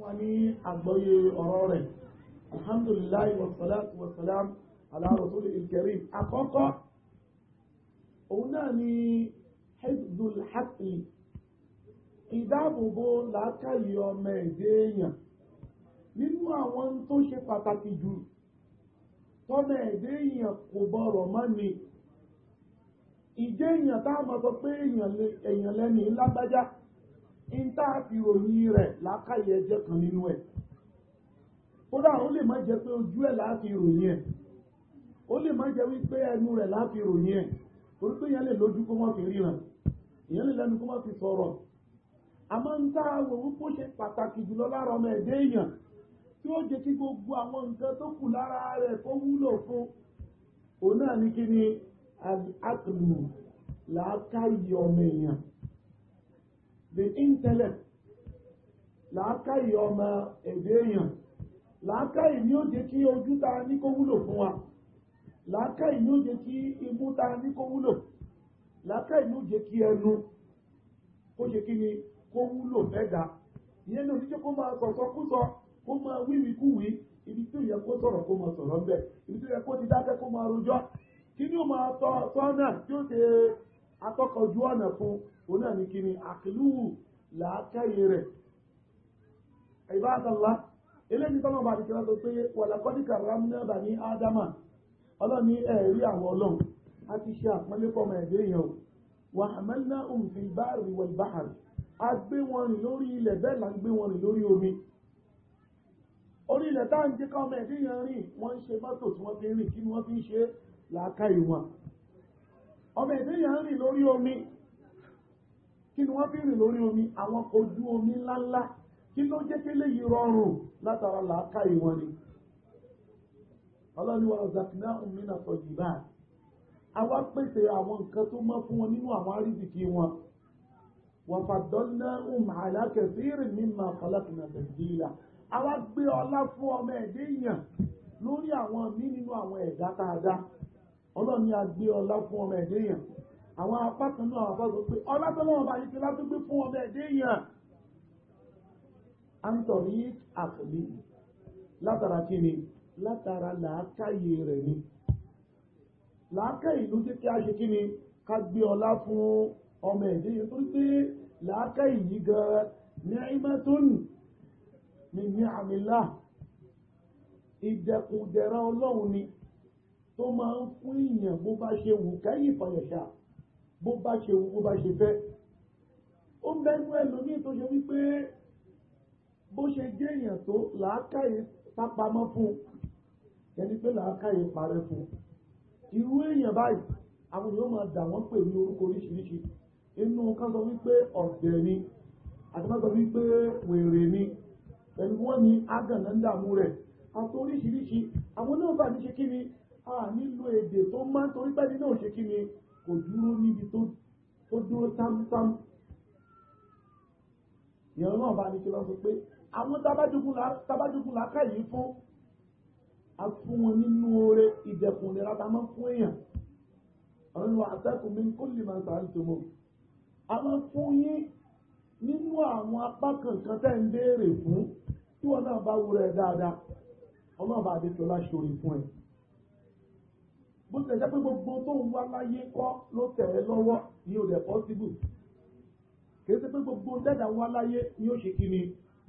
wọn ní àgbọ́yé ọ̀rọ̀ rẹ̀ alhamdulilayi wasalatu wasalam ala rasulil karim àkọ́kọ́ òun náà ni hezbollah hakli ìdáàbòbò làákàyè ọmọ ẹ̀dẹ́ èèyàn nínú àwọn tó ṣe pàtàkì jù tọ́mọ ẹ̀dẹ́ èèyàn kò bọ̀rọ̀ mọ́ ni ìjẹ́ èèyàn táwọn sọ pé èèyàn lẹ́nu lágbájá ìntàfi ròyìn rẹ̀ lákàyè ẹjẹ́ kan nínú ẹ̀ kódà ó lè má jẹ́ pé ojú ẹ̀ láti ròyìn ẹ̀ ó lè má jẹ́ wípé ẹnu rẹ̀ láti ròyìn ẹ̀ torí pé ìyẹn lè lójú kó má fi ríran ìyẹn lè lẹ́nu kó má fi sọ̀rọ̀ àmọ́ ń tá a wò wípé ó ṣe pàtàkì jùlọ lára ọmọ ẹ̀dẹ́ èèyàn tí ó jẹ́ kí gbogbo àwọn nǹkan tó kù lára rẹ̀ kó wúlò fún òun náà ní kí ni àtùlù làákàyè ọmọ èèyàn the intellect làákàyè ọmọ èdè èèyàn làákàyè ni ó jẹ́ kí ojú ta ní kó wúlò fún wa làákàyè ni ó jẹ́ kí imú ta ní kó wúlò làákàyè ni ó jẹ́ kí ẹnu kó jẹ́ kí ni kó wúlò fẹ́ga ìyẹn ní oníjẹ́ kó máa sọ̀sọ́ kú sọ kó máa wíwí kú wí ibi tó yẹ kó sọ̀rọ̀ kó máa sọ̀rọ̀ ń bẹ̀ ibi tó yẹ kó ti dákẹ́ kó máa rojọ́ kí ni ó máa tọ́ náà tí ó ṣe atọ́kọ̀ ojú ọ̀nà fún òun náà ní kí ni àkìlúwù làákàyè rẹ̀ ìbáàdàlá eléyìí tọ́lọ́ bá dìkẹ́ lọ́tọ́ pé wàlàkọ́dí kàrámúnà bà ní ádámà ọlọ́ni ẹ̀rí àwọn ọlọ́run a ti ṣe àpọ́nlé fọmọ ẹ̀dẹ́ yẹn o wà àmẹ́lá òǹfì báàrì wal bahar a gbé wọn rìn lórí ilẹ̀ bẹ́ẹ̀ là ń gbé wọn rìn lórí omi orí ilẹ̀ táà ń jẹ́ káwọn ẹ̀dẹ́ yẹn rìn wọ́n ń ṣe mọ́tò tí wọ́n fi ń rìn kí ni wọ́n fi ń ṣe làákàyè wọn ọmọ ẹ̀dẹ́ yà ń rìn lórí omi kí ni wọ́n fi rìn lórí omi àwọn ojú omi ńláńlá kí ló jẹ́ kí lè yí rọrùn látara làákà ìwọ̀n ni ọlọ́niwà ọ̀zàkínà òmìnà tọ̀jìbá àwa pèsè àwọn nǹkan tó mọ́ fún wọn nínú àwọn àrídìkì wọn wọ́n fàdọ́nà òmà alákẹ̀sírì mímọ ọ̀làkìnà tẹ̀síìlà àwa gbé ọlá fún ọmọ ẹ̀dẹ́ èèyàn lórí àwọn míì nínú àwọn ẹ̀dá tá ọlọ́run ni a gbé ọlá fún ọmọ ẹ̀dẹ́ yẹn àwọn apá kan náà àbá sọ pé ọlá tó lọ́wọ́ bá yìí ti láti gbé fún ọmọ ẹ̀dẹ́ yẹn anthony akli látara kí ni látara làákàyè rẹ̀ ni làákàyè ló jẹ́ kí a ṣe kí ni ká gbé ọlá fún ọmọ ẹ̀dẹ́ yẹn tó gbé làákàyè yìí gan ní ìmọ̀tún ní ní àmìlá ìdẹ̀kùndẹ̀rẹ̀ ọlọ́run ni tó máa ń fún èèyàn bó bá ṣe wù kẹ́yìn ìfọyẹ̀ṣà bó bá ṣe wù bó bá ṣe fẹ́ ó ń bẹnu ẹlòmíì tó ṣe wípé bó ṣe jẹ́ èèyàn tó làákàyè pápamọ́ fún ẹni pé làákàyè parẹ́ fún irú èèyàn báyìí àwọn èèyàn máa dà wọ́n pè ní orúkọ oríṣiríṣi inú kan sọ wípé ọ̀dẹ̀ ni àti máa sọ wípé wèrè ni pẹ̀lú wọ́n ní ágànnà ń dààmú rẹ̀ àti oríṣiríṣi àwọn náà ti ṣe kí ni a nílò èdè tó máa ń torí pẹ́ni náà ṣe kí ni kò dúró níbi tó dúró támtám ìyẹn náà bá ní kí lọ sọ pé àwọn tábájúkú làákà yìí fún a fún wọn nínú oore ìdẹ̀kùn nira tá a máa fún èèyàn àwọn ìwà àtẹ́kùn mi kó lè máa sàn tó mọ́ a máa fún yín nínú àwọn apá kankan tẹ́ ń béèrè fún tí wọn náà bá wúrẹ̀ dáadáa ọlọ́ọ̀bá adéṣọlá ṣorí fún ẹ bó tilẹ̀ jẹ́ pé gbogbo tó ń wá láyé kọ́ ló tẹ̀ ẹ́ lọ́wọ́ ní òde possible kìí ṣe pé gbogbo dẹ́dà wá láyé ni ó ṣe kíni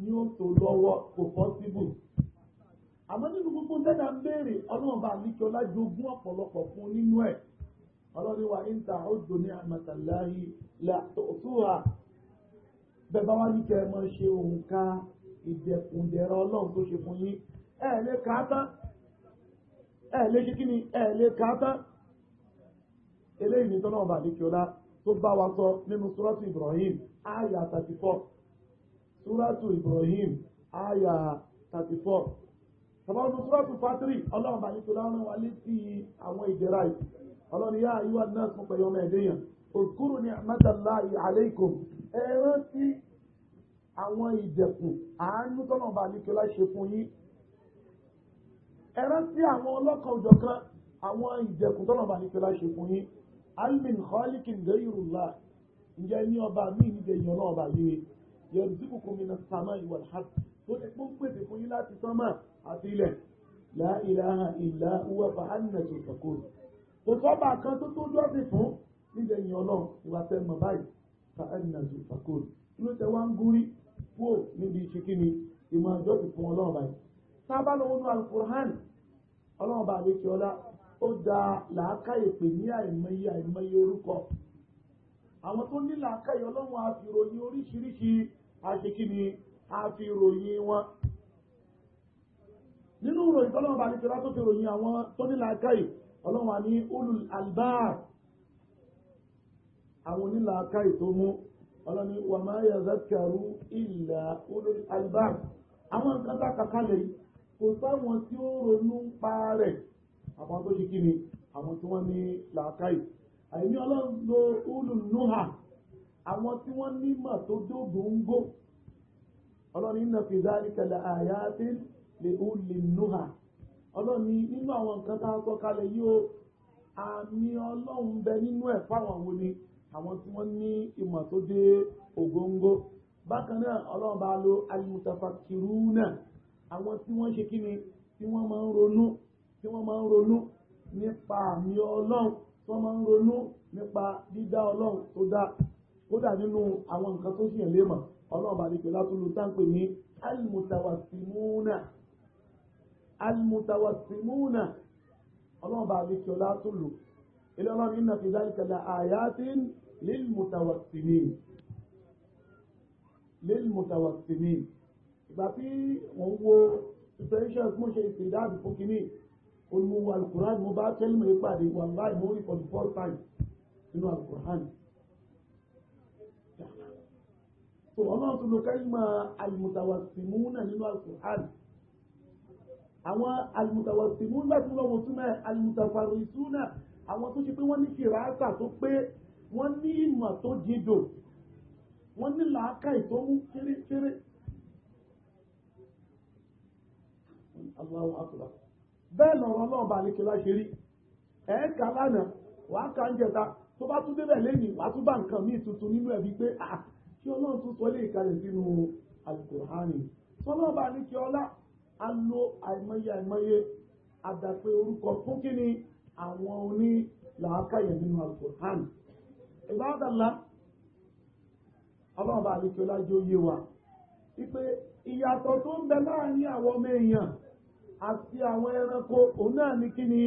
ni ó tó lọ́wọ́ kò possible àmọ́ nínú gbogbo dẹ́dà ń béèrè ọlọ́run bá ní kí ọlá jogún ọ̀pọ̀lọpọ̀ fún nínú ẹ̀ ọlọ́run wa ń ta òjò ní àmàtàláyé làtòtúwà bẹ́ẹ̀ bá wá ní kí ẹ máa ṣe òǹkà ìdẹ̀kùndẹ̀rọ ọlọ́run tó ṣe fún yín ẹ̀ kàá tán ẹ̀ lè ṣe kí ni ẹ̀ lè kà á tán eléyìí ní tọ́lọ́mọba àdékíọ́lá tó bá wa sọ nínú súrọ́tù Ibrahim àyà 34 súrọ́tù Ibrahim àyà 34 tọ́lọ́mọba súrọ́tù Fatri ọlọ́mọba àdékíọ́lá rán wa létí àwọn ìjẹra yìí ọlọ́ni yá ayúwà náà fún pẹ̀lú ọmọ ẹ̀dẹ́yàn òkúrù ní àmàdàláyé àlékòm ẹ rántí àwọn ìdẹ̀kùn àánú tọ́lọ́mọba àdékíọ́lá ṣe fún yín ẹ rántí àwọn ọlọ́kan òjọ̀kan àwọn ìjẹkùn tọ́nà bá ní pẹ́lá ṣe fún yín almin khalikin gẹ́yìrùlá ǹjẹ́ ní ọba mi ní ìdẹ̀yìn ọ̀nà ọba yìí yẹn tí kò kòmìnà sàmà ìwà hàt tó lè pọ́n pèsè fún yín láti sánmà àti ilẹ̀ la ilaha illa huwa fa anna tufakun kò sọ́ba kan tó tó jọ́sìn fún nídẹ̀yìn ọ̀nà ìwà tẹ́ mọ̀ báyìí fa anna tufakun kí tábà lọ́wọ́ ní alukur'an ọlọ́run bá àlejò ọlá ó da làákàyè pè ní àìmọye àìmọye orúkọ àwọn tó ní làákàyè ọlọ́run àfìròyìn oríṣiríṣi àṣekíni àfìròyìn wọn nínú ìròyìn tọ́lọ́run bá àlejò ọlá tó fi ròyìn àwọn tó ní làákàyè ọlọ́run àní ulul albab àwọn onílàákàyè tó mú ọlọ́ni wàmáyà zakaru illa ulul albab àwọn nǹkan tá kàkálẹ̀ yìí kò sáwọn tí ó ronú ń pa rẹ̀ àwọn tó ṣe kí ni àwọn tí wọ́n ní làákàyè àìní ọlọ́run lo olùnúhà àwọn tí wọ́n nímọ̀ tó dógóńgó ọlọ́run iná fi dhalika nínú àwọn nǹkan tá a sọ kalẹ̀ yìí o àmì ọlọ́run bẹ nínú ẹ̀ fáwọn ni àwọn tí wọ́n ní ìmọ̀ tó dé ògóńgó bákan náà ọlọ́run bá lo náà. àwọn tí wọ́n ṣe kí ni tí wọ́n máa ń ronú tí wọ́n máa ń ronú nípa àmì ọlọ́run tí wọ́n máa ń ronú nípa dídá ọlọ́run tó dá kódà nínú àwọn nǹkan tó ṣì ń lé mọ̀ ọlọ́run bá pẹ̀lú àtúntò táǹpẹ̀ ní almutawasimuna almutawasimuna ọlọ́run bá pẹ̀lú àtúntò ilé ọlọ́run iná fi dálí kẹlẹ̀ àyàtín lílmutawasimin lílmutawasimin ìgbà tí wọ́n wo preparation mo ṣe ìpèdáàbò fún kínní olùwò alukur'an mo bá tẹ́lẹ̀ mi pàdé wàláì mo rí for the first time nínú alukur'an. so ọlọ́run tó lo kẹ́lìmọ̀ alimutawasimuna nínú alukur'an àwọn alimutawasimuna láti lọ́wọ́ wọ́n túmọ̀ alimutafarisuna àwọn tó ṣe pé wọ́n ní kìràkà tó pé wọ́n ní ìmọ̀ tó jíjò wọ́n ní làákàyè tó mú kéré kéré. Allahu akbar bẹ́ẹ̀ lọ̀rọ̀ náà bá ní kílá ṣe rí ẹ̀ẹ́ka lánàá wàá ka ń jẹta tó bá tún débẹ̀ lẹ́yìn wàá tún bá nǹkan míì tuntun nínú ẹ̀bí pé à kí ọlọ́run tún sọ lé ìkalẹ̀ sínú alukur'ani tọ́lọ́ bá ní kí ọlá a lo àìmọye àìmọye àdàpé orúkọ fún kí ni àwọn oní làákàyè nínú alukur'ani ìbádàlá ọlọ́run ní kí ọlá jẹ́ òye wa ìyàtọ̀ tó ń bẹ láàrin àwọn ọmọ èèyàn àti àwọn ẹranko òun náà ní kí ni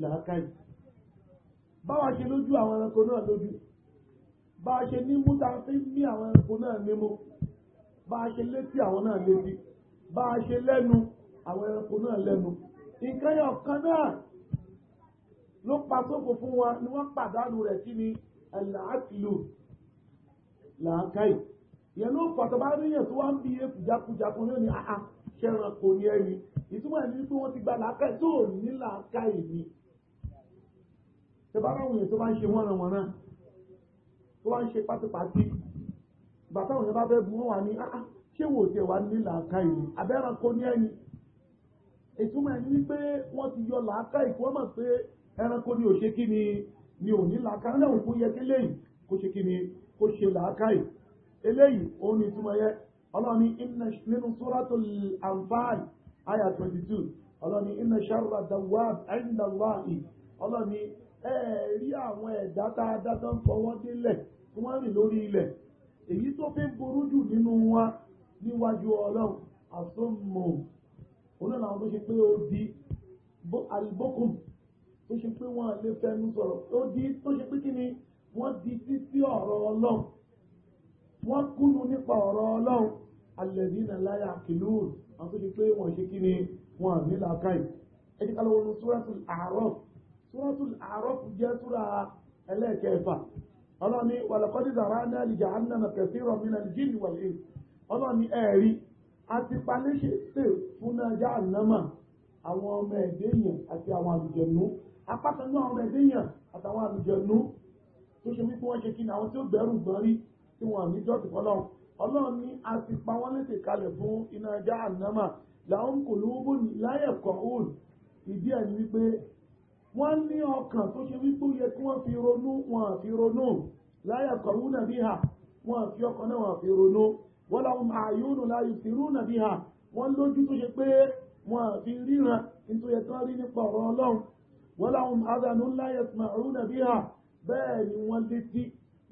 làákàyè báwa ṣe lójú àwọn ẹranko náà lójú báwa ṣe nímú tá a fi ń mí àwọn ẹranko náà nímú báwa ṣe létí àwọn náà létí báwa ṣe lẹ́nu àwọn ẹranko náà lẹ́nu nǹkan yẹn kan náà ló pa sóko fún wa ni wọ́n pàdánù rẹ̀ kí ni làákìlò làákàyè yẹn ló pàtàkì bá rí yẹn tó wá ń bí eku jákujáku ní àhà ṣẹ́ran kò ní ẹ̀yìn ìtumọ̀ ẹ̀ ní pé wọ́n ti gba làákà tó ní làákà ìní tẹ́bá láwọn èèyàn tó bá ń ṣe wọ́n wọn náà tó bá ń ṣe pátípátí ìgbà táwọn èèyàn bá fẹ́ bu wọn wà ní ah, ṣé wò tiẹ̀ wá ní làákà ìní abẹ́ran kò ní ẹ̀yìn ìtumọ̀ ẹ̀ ní wọ́n ti yọ làákà ìkú wọ́n mọ̀ pé ẹranko ni ò ṣe kí ni ni ò ní làákà náà kó yẹ kí lẹ́yìn kó ṣe kí ni kó ṣe làákà ì ọlọ́ni nínú sóràtò àǹfààní 22 ọlọ́ni iná ṣàrùbà dàwà ẹ̀ńdàláì ọlọ́ni ẹ̀ẹ̀rí àwọn ẹ̀dá dáadáa ń fọwọ́ délẹ̀ tí wọ́n rìn lórí ilẹ̀ èyí tó fi ń burú jù nínú wa níwájú ọlọ́run àsomọ̀ olóòlà àwọn tó ṣe pé ó di alibókùn tó ṣe pé wọ́n lè fẹnu sọ̀rọ̀ alẹ́dínà láyà kìlúùn àwọn tó ṣe pé wọ́n ṣe kí ni wọ́n ní làákàì ẹni ká lọ́wọ́ suratul A'raf suratul A'raf jẹ́ súra ẹlẹ́ẹ̀kẹfà ọlọ́ni walaqad zara'na li jahannama kathiran minal jinni wal ins ọlọ́ni ẹ̀rí àti paléṣe tè fún jahannama àwọn ọmọ ẹ̀dẹ́ tí wọ́n ní jọ́sìn fọlọ́run ọlọ́run ní a ti pa wọ́n létè kalẹ̀ fún iná jahannama làwọn kò lówó ní láyẹ̀ kọ̀ọ̀hún ìdí ẹ̀ ni wípé wọ́n ní ọkàn tó ṣe wípé ó yẹ kí wọ́n fi ronú wọn àfi ronú láyẹ̀ kọ̀ọ̀hún nàbí hà wọn àfi ọkàn náà wọn àfi ronú wọ́n làwọn àyónú láyé tìrú nàbí hà wọ́n lójú tó ṣe pé wọn àfi ríran nítorí ẹ̀ tán rí nípa ọ̀rọ̀ ọlọ́run wọ́n làwọn àdánù láyẹ̀ tìmọ̀ àrùn nàbí hà bẹ́ẹ̀ ni wọ́n létí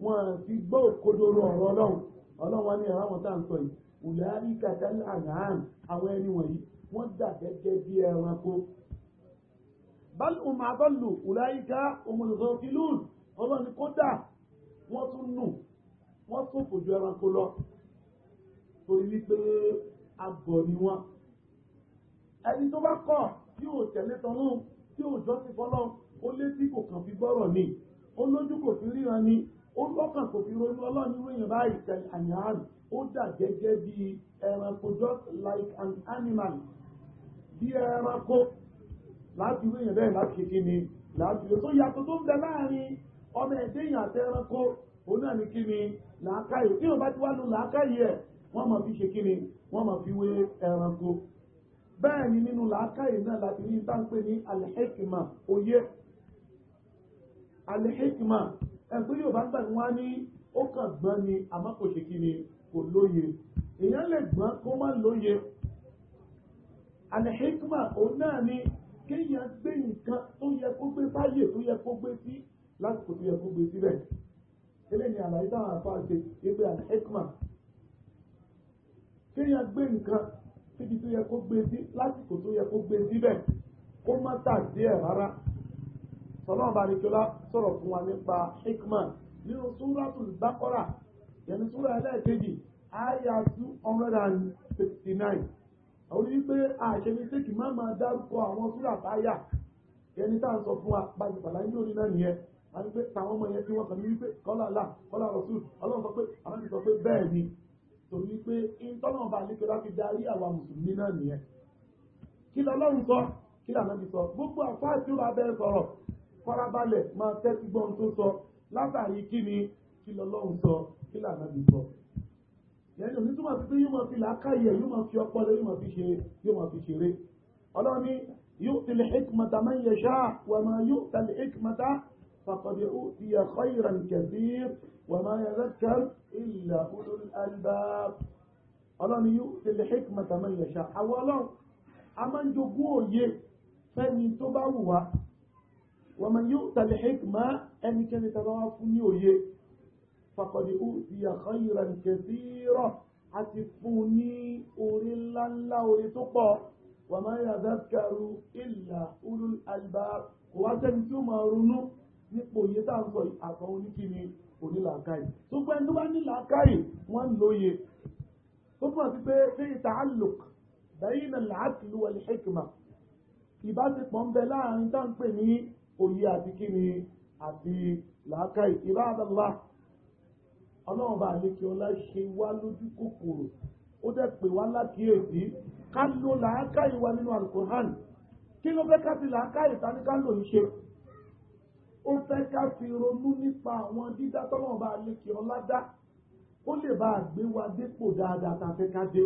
wọn àfi gbọ́ òkodoro ọ̀rọ̀ ọlọ́run ọlọ́wọ́n ní àwọn tá à ń sọ yìí ùlẹ́rì kàtàlì àgàn àwọn ẹni wọ̀nyí wọ́n dà gẹ́gẹ́ bí ẹranko. bal um adallu ulaika humul ghafilun ọlọ́ni kódà wọ́n tún nù wọ́n tún kò ẹranko lọ torí wípé agọ̀ ni wọ́n. ẹni tó bá kọ̀ tí ò tẹ̀lé tọ́lọ́ tí ò jọ́sìn fọ́lọ́ ó létí kò kàn fi gbọ́rọ̀ ni ó lójú kò fi ríran ni ó lọ́kàn kò fi ronú ọlọ́run irú èèyàn báyìí tẹ̀lé àyàn ó dà ẹranko just like an animal bí ẹranko láti irú èèyàn bẹ́ẹ̀ láti kí ni láti irú tó yàtọ̀ tó ń bẹ láàrin ọmọ ẹ̀dẹ́ èèyàn àti ẹranko òun náà ni kí ni làákàyè bí wọn bá ti wá lu làákàyè fi ṣe kí ni fi wé ẹranko bẹ́ẹ̀ ni nínú làákàyè ẹgbẹ́ yóò bá gbà wọ́n á ní ó kàn gbọ́n ni àmọ́ kò ṣe kí ni kò lóye èèyàn lè gbọ́n kó má lóye alẹ́hìkmà òun náà ni kéèyàn gbé nǹkan tó yẹ kó gbé báyè tó yẹ kó gbé sí lásìkò tó yẹ kó gbé síbẹ̀ eléyìí àlàyé táwọn afọ àti ẹgbẹ́ alẹ́hìkmà kéèyàn gbé nǹkan síbi tó yẹ kó gbé sí lásìkò tó yẹ kó gbé síbẹ̀ kó má tà díẹ̀ rárá sọlọ́run bá nìjọba sọ̀rọ̀ fún wa nípa hikma nínú súratul bákọ́rà yẹnu súra ẹlẹ́ẹ̀kejì àyà two hundred and sixty nine àwọn onígbé àṣemísẹ́kì má máa dárúkọ àwọn súra táyà yẹni tá à ń sọ fún wa gbajúgbàlá ní orí náà nìyẹn a ní pé táwọn ọmọ yẹn tí wọ́n kàn ní wípé kọ́lá là kọ́lá rọ̀sùn ọlọ́run sọ pé àwọn ti sọ pé bẹ́ẹ̀ ni torí pé ìtọ́nà bá fi darí àwa mùsùlùmí náà nìyẹn kí lọ́lọ́run sọ kí lànà fi sọ gbogbo àfáà ó bá bẹ́ẹ̀ sọ̀rọ̀ farabalẹ̀ máa tẹ́tí gbọ́n tó sọ látàrí kí ni kí lọ́lọ́run sọ kí lànà bí sọ. yẹn ní túmọ̀ sí pé yóò máa fi làákàyè yóò máa fi ọpọlọ yóò máa fi ṣe yóò máa fi ṣeré. ọlọ́ni yóò tilẹ̀ hikmata man yasha wa ma yóò tilẹ̀ hikmata faqad utiya khayran kathir wa ma yadhakkar illa ulul albab. ọlọ́ni yóò tilẹ̀ hikmata man yasha àwọn ọlọ́run a máa ń jogún òye fẹ́ni tó bá wù wá wọ́n mọ̀ yóò tàbí hikma ẹnikẹ́ni tàbí wá fún ní òye fàkọ̀dé ó ti àkọ́ ìrà ìkẹsí rọ̀ àti fún ní orí ńláńlá orí tó pọ̀ wọ́n máa yà dákàrú ìlà olú àlùbá kò wá sẹ́ni tí ó máa ronú nípò òye tá à ń sọ àtọ̀ oníkíni onílàákàyè tó gbẹ́ tó bá nílàákàyè wọ́n ń lóye tó fún àti pé ṣé ta'alluq bayna al-'aql wal-hikma ìbáṣepọ̀ ń bẹ láàrin táǹpẹ̀ ní oyi àti kíni àti làákà ìkírá àdàlá ọlọ́run bá ọlá ṣe wá lójú kòkòrò ó dẹ̀ pè wá lákìyèsí ká ló làákà ìwà nínú alukoran kí ló fẹ́ ká fi làákà ìtaníkálò ń ṣe ó fẹ́ ká fi ronú nípa àwọn dídá tọ́lọ́run bá àlekè ọlá dá ó lè bá àgbé wa dépò dáadáa tá a fẹ́ ká dé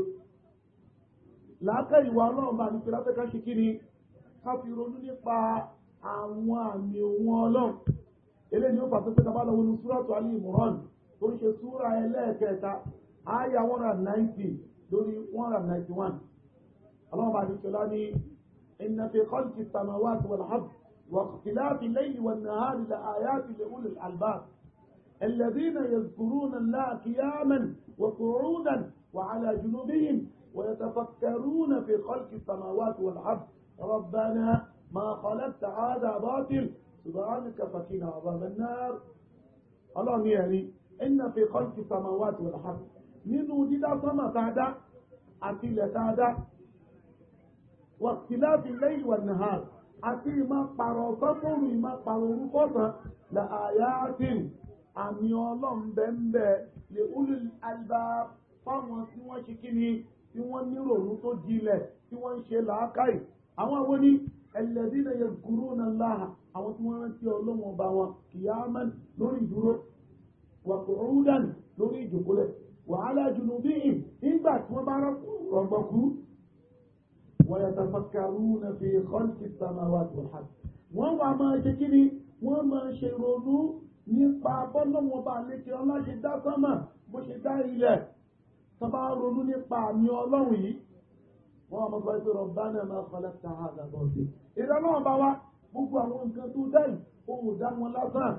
làákà ìwà ọlọ́run bá ọlá àwọn àmì òun ọlọ́run eléyìí ó fàtó pé tá a bá lọ wọnú súràtù alì ìmọ̀ràn tó ń ṣe súra ẹlẹ́ẹ̀kẹta àyà one hundred ninety lórí one hundred ninety one ọlọ́run bá dìkẹ́ lá ní inna fi khalqi samawati wal ard wa ikhtilafi layli wan nahari la ayati li ulil albab الذين يذكرون الله قياما وقعودا وعلى جنوبهم ويتفكرون في خلق السماوات والارض ربنا ما خلقت هذا باطل سبحانك فقنا عذاب النار ọlọ́run ní ẹ̀rí ẹ̀nà fi kọ́ǹtì samawati wal ard nínú dídá sọ́mà dáadáa àti ilẹ̀ dáadáa wàtíláàbì lẹ́yìn wà nàá àti ìmá pàrọ̀ sọ́mọ̀rù ìmá pàrọ̀ orúkọ sàn là àyàtìn àmì ọlọ́run bẹ́ẹ̀ lè ulul albab fáwọn tí wọ́n ṣe kí ni tí wọ́n níròrú tó jinlẹ̀ tí wọ́n ń ṣe làákàyè àwọn wo ni alladhina yadhkuruna Allaha àwọn tí wọ́n rántí ọlọ́wọ́n ọba wọn qiyaman lórí ìdúró wa qu'udan lórí ìjòkólẹ̀ wa ala junubihim nígbà tí wọ́n bá rọ̀gbọ̀kú wa yatafakkaruna fi khalqis samawati wal ard wọ́n wà máa ṣe kí ni wọ́n máa ṣe ronú nípa bọ́lọ́wọ́n bá lékè ọlá ṣe dá sánmà bó ṣe dá ilẹ̀ tó ronú nípa àmì ọlọ́run yìí wọ́n mọ̀ gbọ́dọ̀ bá náà máa fọlẹ́ ta àgàbọ̀ sí i ìrọlọ́wọ́n bá wa gbogbo àwọn nǹkan tó dá yìí òun ò dá wọn lásán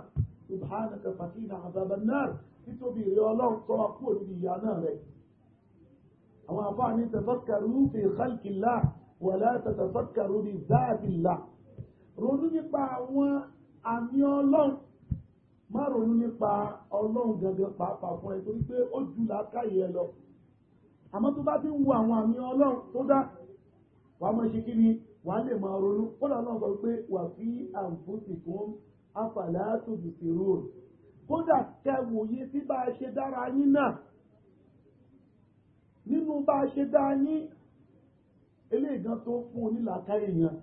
subhanaka fatina azaban nar títóbi ìrẹ ọlọ́run sọ wa kúrò níbi ìyá náà rẹ àwọn àfáàní tafakkaru fi khalqillah wala tatafakkaru bi zaatillah ronú nípa àwọn àmì ọlọ́run má ronú nípa ọlọ́run gangan pàápàá fún ẹ torí pé ó ju làákàyè ẹ lọ àmọ́ tó bá ti ń wo àwọn àmì ọlọ́run tó dá wàá mọ̀ ṣe kí ni wà á lè máa ronú kódà náà sọ pé wà fí àǹfóṣì fún àfàlà tòbìsì rúùn kódà kẹwòye sí bá a ṣe dára yín náà nínú bá a ṣe dá yín eléyìí gan tó fún un nílàáká èèyàn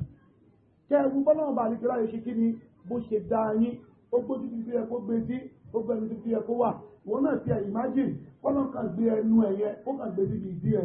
kẹwù bọ́lá ọba àlejò láyé ṣe kí ni bó ṣe dá yín ó gbójú títí ẹ kó gbé sí ó gbẹnu títí ẹ kó wà wọn náà ti ẹ imagine kọ́nà kan gbé ẹnu ẹ yẹ ó kàn gbé síbi ìdí ẹ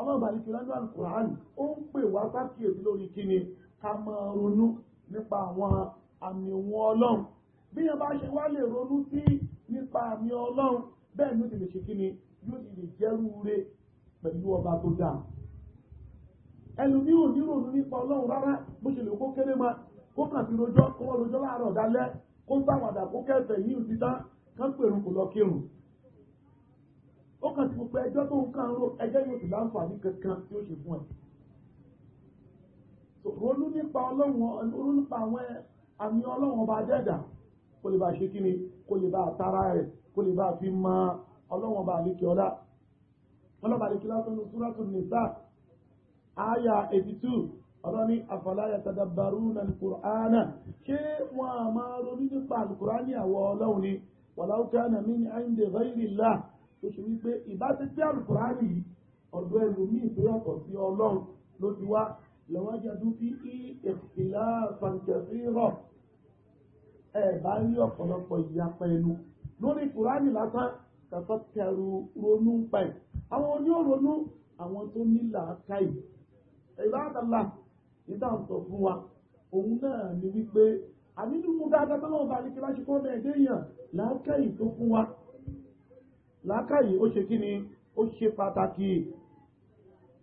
ọlọ́ọ̀bà ní kìlá ní alukur'an ó ń pè wá sákìyèsí lórí kíni ká máa ronú nípa àwọn àmì òun ọlọ́run bí yẹn bá ṣe wá lè ronú sí nípa àmì ọlọ́run bẹ́ẹ̀ ló ti lè ṣe kíni yóò ti lè jẹ́rú re pẹ̀lú ọba tó dáa ẹlòmí ò ní ronú nípa ọlọ́run rárá bó ṣe lè kó kéré ma kó kàn fi rojọ́ kó wọ́n rojọ́ láàárọ̀ dálẹ́ kó sáwàdà kó kẹfẹ̀ yìí ò ti tán kán pèrún kò lọ kírun ó kàn sí gbogbo ẹjọ́ tó ń kàn ń ro ẹjọ́ yóò sì láǹfààní kankan tí ó ṣe fún ẹ. ronú nípa ọlọ́run ronú nípa àwọn àmì ọlọ́run ọba dẹ́dà kó lè bá ṣe kí ni kó lè bá tara rẹ̀ kó lè bá fi mọ ọlọ́run ọba àlékè ọlá ọlọ́run ọba ọlá tó ń lo súrátù nìsá àyà eighty two ọ̀rọ̀ ní àfàláyà tàdàbàrú na kùránà ṣé wọn a ronú nípa àlùkùránì àwọ̀ ọlọ́run ni wàláwùkánà mí ní àìndè tó ṣe wípé ìbáṣepé àlùkùránì yìí ọ̀dọ̀ ẹlòmíì tó yàtọ̀ sí ọlọ́run ló ti wá lọ́wọ́ jẹ́dú bí i ìpìlá fàǹkẹ̀sí rọ̀ ẹ̀ bá rí ọ̀pọ̀lọpọ̀ ìyapa ẹnu lórí kùránì lásán kàfọ́ kẹrù ronú ń pẹ̀ àwọn oníòronú àwọn tó ní làákàyè ìbáàdàlà nígbà tó fún wa òun náà ni wípé àbínú mú dáadáa tó lọ́wọ́ bá ní kí láṣepọ̀ làákàyè ó ṣe kí ni ó ṣe pàtàkì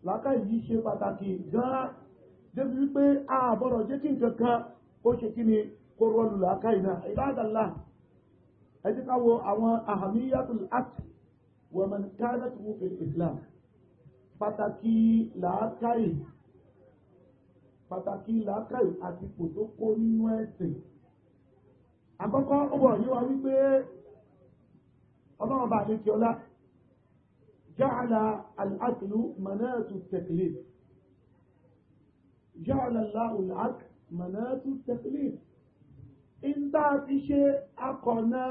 làákàyè yìí ṣe pàtàkì gan-an débi wípé a bọ́dọ̀ jẹ́ kí nǹkan kan ó ṣe kí ni kó rọlù làákàyè náà ìbádàlá ẹ ti ká wo àwọn ahamiyatul act wa man kanat islam pàtàkì làákàyè pàtàkì làákàyè àti kò nínú ẹ̀sìn àkọ́kọ́ ó bọ̀ yí wípé ọlọ́run bá ní kí ọlá jáàlá al'aqlu manatu taklif jáàlá al'aqlu manatu taklif in tá a ti ṣe akọ̀nà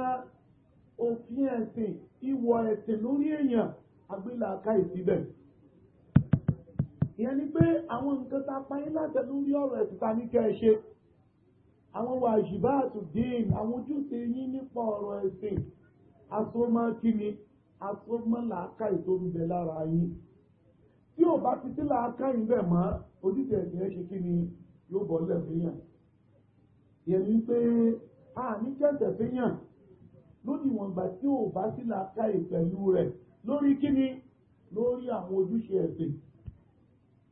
òfin ẹ̀sìn ìwọ̀ ẹ̀sìn lórí èèyàn agbélàáká ìsíbẹ̀ ìyẹn ni pé àwọn nǹkan tá a payé láti lórí ọ̀rọ̀ ẹ̀sìn ta ní kẹ́ ẹ ṣe àwọn wàjibáàtù dín àwọn ojúṣe yín nípa ọ̀rọ̀ ẹ̀sìn asọ́mọ́ kini asọ́mọ́ làákà ètò ń bẹ lára yín tí ò bá ti sí làákà yín bẹ̀ mọ́ ojúṣe ẹ̀sìn ẹ̀ ṣe kíni yóò bọ́ lẹ́mìíyàn yẹn ni pé a ní kẹsẹ̀ fẹ́yàn lónìí wọn gbà tí ò bá sí làákà ìpẹ̀lú rẹ̀ lórí kíni lórí àwọn ojúṣe ẹ̀sìn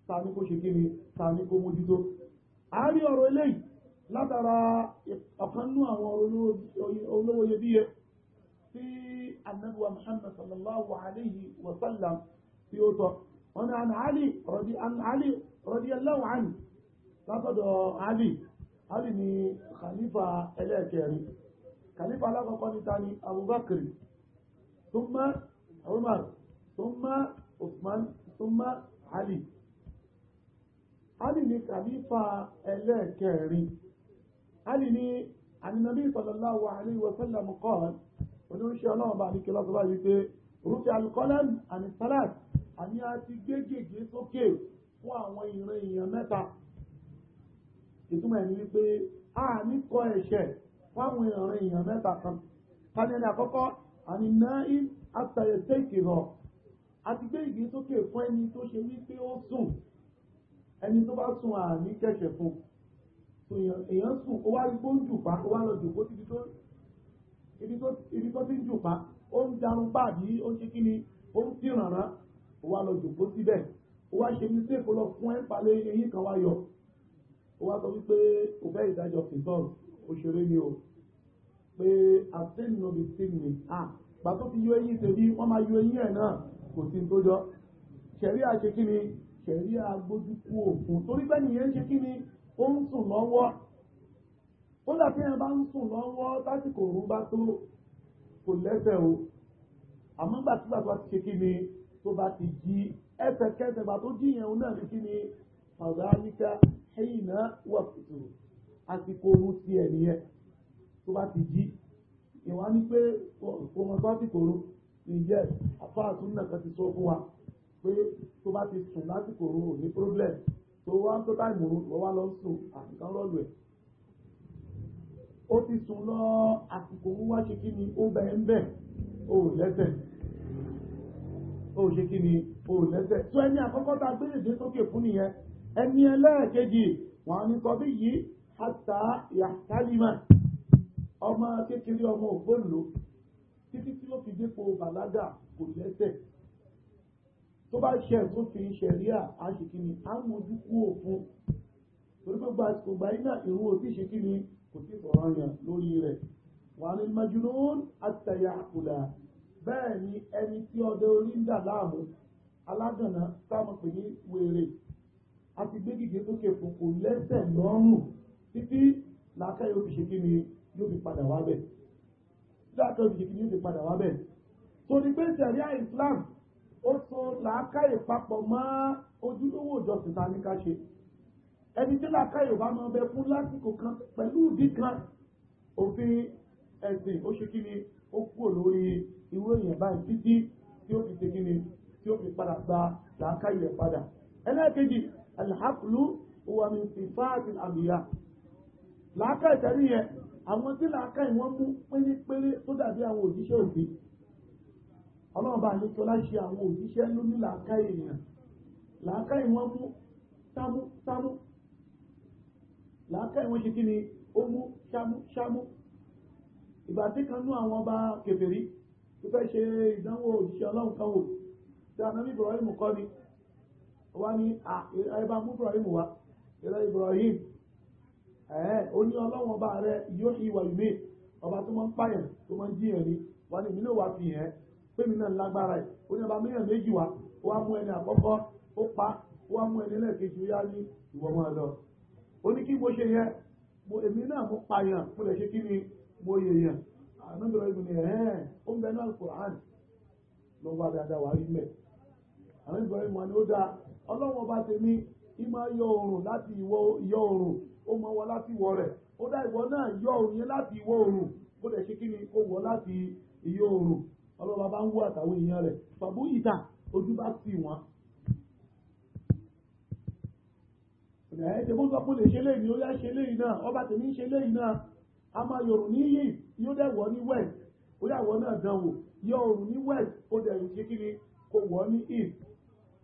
ta ni kó ṣe kíni ta ni kó mójútó a rí ọ̀rọ̀ eléyìí látara ọ̀kan nú àwọn olówó iyebíye tí anábíwá muhammad sallallahu alayhi wa sallam tí ó sọ wọn ni an ali rọdí an ali radiyallahu anhu látọ̀dọ̀ ali ali ni khalifa ẹlẹ́ẹ̀kẹrin khalifa alákọ̀ọ́kọ́ níta ni abubakar thumma umar thumma usman thumma ali ali ni khalifa ẹlẹ́ẹ̀kẹrin ali ni an nabi sallallahu alayhi wa sallam qala oníṣẹ́ ọlọ́run bá ní kí lọ́sọ́ báyìí pé orúkẹ alukọ́lẹ́mù àní salat àní a ti gbé gègé sókè fún àwọn ìran èèyàn mẹ́ta ìtumọ̀ ẹ̀ ní wípé a ní kọ ẹ̀ṣẹ̀ fún àwọn ìran èèyàn mẹ́ta kan kánẹ́lẹ̀ àkọ́kọ́ àní náírà àtàyẹ̀tẹ̀ ìkìlọ̀ a ti gbé gègé sókè fún ẹni tó ṣe wípé ó sùn ẹni tó bá sùn àní kẹ̀ṣẹ̀ fún èèyàn sùn ó wá rí bó ń jù pa ó wá lọ jù bó ti di tó ibi tó ti ń jùpá ó ń darun bá àbí ó ń ṣe kí ni ó ń fi rànrà ó wá lọ jòkó síbẹ̀ ó wá ṣe ní sí èkó lọ fún ẹ̀ńpà lé eyín kan wá yọ ó wá sọ wípé ó fẹ́ ìdájọ́ fìtọ́n òṣèré ni o pé àtẹnudọ́ bíi tèmi à gbàtó fi yọ eyín tèmi wọ́n máa yọ eyín ẹ̀ náà kò sí ní tó jọ ṣẹ̀rí àṣekí ni ṣẹ̀rí agbójúkú òfin torí bẹ́ẹ̀ nìyẹn ṣe kí ni ó ń sùn lọ́wọ́ kódà tí wọn bá ń sùn lọ́wọ́ lásìkò òun bá tó kò lẹ́sẹ̀ o àmọ́ gbà tí gbàgbà ti ṣe kí ni tó bá ti jí ẹsẹ̀kẹsẹ̀ gbà tó jí yẹn náà ní kí ni ọ̀gáníkà ẹ̀yìn náà wà tuntun àsìkò òun ti ẹ̀ nìyẹn tó bá ti jí ìwà ni pé kò mọ sásìkò òun ìyẹn afá àtúnná kan ti sọ fún wa pé tó bá ti sùn lásìkò òun ò ní problem tó wá tó táìmù òun wọ́n wá sùn àtìkán ẹ̀ ó ti sùn lọ àsìkò wíwá ṣe kí ni ó bẹ ń bẹ ó lẹ́sẹ̀ ó ṣe kí ni ó lẹ́sẹ̀ tó ẹni àkọ́kọ́ tá a gbé lè dé sókè fún nìyẹn ẹni ẹlẹ́ẹ̀kejì wọn ni kọ bí yìí hàtà yàtàlímà ọmọ kékeré ọmọ ògbóǹlò títí tí ó fi dépò bàlágà kò lẹ́sẹ̀ tó bá ṣe tó fi ṣẹ̀ríà àṣìkí ni á mójú kú òfun torí gbogbo àsìkò gbà ìrún òbí ṣe kí ni kò sí ọ̀ranyàn lórí rẹ̀ wà ní majnun àtẹ̀yà àkùlà bẹ́ẹ̀ ni ẹni tí ọdẹ orí ń dà láàmú alágànná táwọn pè ní wèrè àti gbégìgé sókè fún kò lẹ́sẹ̀ lọ́rùn títí làákàyè òbí ṣe kí ni yóò fi padà wá bẹ̀. làákàyè òbí ṣe kí ni yóò fi padà wá bẹ̀. torí pé sẹ̀ríà Islam ó so làákàyè papọ̀ mọ́ ojúlówó ìjọsìn ta ní ká ṣe ẹni tí làákà yorùbá máa bẹ fún lásìkò kan pẹ̀lú ìdí kan òfin ẹ̀sìn ó ṣe kí ni ó kúrò lórí irú èèyàn báyìí títí tí ó fi ṣe kí ni tí ó fi padà gba làákà yìí rẹ̀ padà ẹlẹ́ẹ̀kejì alhaqlu huwa min sifati al-anbiya làákà ìtẹ́rí yẹn àwọn tí làákà yìí wọ́n mú pérépéré tó dàbí àwọn òjíṣẹ́ òfin ọlọ́run bá ní tọ́lá ṣe àwọn òjíṣẹ́ ló ní làákà èèyàn làákà yìí wọ́n mú támú támú làákàyè wọn ṣe kí ni ó mú ṣámú ṣámú ìgbà tí kan nú àwọn ọba kèfèrí tó fẹ́ ṣe ìdánwò òṣìṣẹ́ ọlọ́run kan wò tí anabi Ibrahim kọ́ ni wá ní ẹbá mú Ibrahim wá ẹ̀rọ Ibrahim ẹ̀ẹ́ ó ní ọlọ́run ọba rẹ yóò ṣe ìwà ìmí ọba tó máa ń pààyàn tó máa ń jiyàn ni wá ní ìmílẹ̀ wá fi hàn pé mi náà lágbára ẹ̀ ó ní ọba mílíọ̀n méjì wá ó wá mú ẹni àkọ́kọ́ ó pa ó wá mú ẹni lẹ́ẹ̀kejì ó yá ní ìwọ máa lọ ó ní kí mo ṣe yẹn mo èmi náà mo pààyàn mo lè ṣe kí ni mo yèèyàn ànábìrọ̀ ìgbìmọ̀ ni ẹ̀ẹ́n ó ń bẹ náà Qur'an ló bá dáadáa wà rí mẹ́ ànábìrọ̀ ìgbìmọ̀ ni ó dáa ọlọ́wọ́n bá tèmi ìmọ̀ yọ oòrùn láti ìwọ̀ yọ oòrùn ó mọ wọ láti ìwọ̀ rẹ̀ ó dá ìwọ̀ náà yọ oòrùn yẹn láti ìwọ̀ oòrùn bó lè ṣe kí ni ó wọ̀ láti ìyọ̀ oòrùn ọlọ́wọ́n bá ń wú àtàwọn èèyàn rẹ̀ fàbúyìtà ẹ̀ ṣe fún sọpọ̀ lè ṣe léyìn ó yá ṣe léyìn náà ọba tèmi ń ṣe léyìn náà a máa yọrùn ní yìí yóò dẹ̀ wọ̀ ní west ó yà wọ̀ náà dánwò yọ òrùn ní west ó dẹ̀ ṣe kò wọ̀ ní east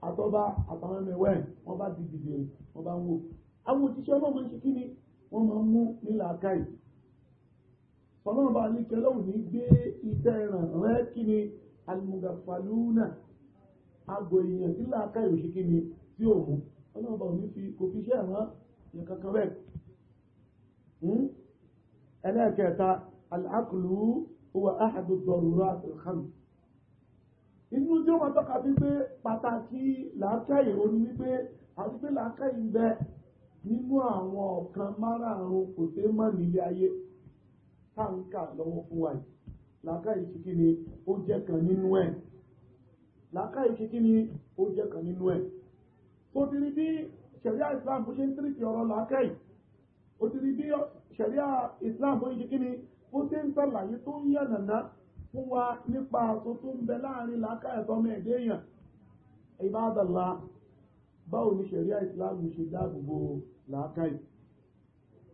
àtọ́ba àtàwọn west wọ́n bá di dìde wọ́n bá ń wò àwọn òṣìṣẹ́ náà máa ń ṣe kí ni wọ́n máa ń mú nílà káì sọlọ́run ní kẹlẹ́ òní gbé iṣẹ́ ìràn rẹ kí ni alimugafaluna agbo èèyàn nílà káì òṣìkí ni tí ò ọlọ́ọ̀bà ò ní fi kò fi iṣẹ́ ẹ̀wọ́n yẹ kankan rẹ̀ hmm? ẹlẹ́ẹ̀kẹta alákùlù owó ahàdù dọ̀rùrọ̀ àtìlẹ́kàmù inú tí ó máa tọ́ka sí pé pàtàkì làákàyè ó ní wípé àti pé làákàyè ń bẹ nínú àwọn ọ̀kan kò tẹ́ mọ́ nílé ayé táǹkà lọ́wọ́ ni ó jẹ́ kan nínú ẹ̀ làákàyè kíkí ni ó tó ti rí bí ṣẹ̀ríà islam bó ṣe ń tìrìtì ọ̀rọ̀ làákàyè ó ti rí bí ṣẹ̀ríà islam bó ń ṣe kíni ó ti ń sàlàyé tó ń yànnàná fún wa nípa àtò tó ń bẹ láàrin làákàyè tọmọ ẹ̀dẹ́ èèyàn ìbádàlá báwo ni ṣẹ̀ríà islam ṣe dáàbò bo làákàyè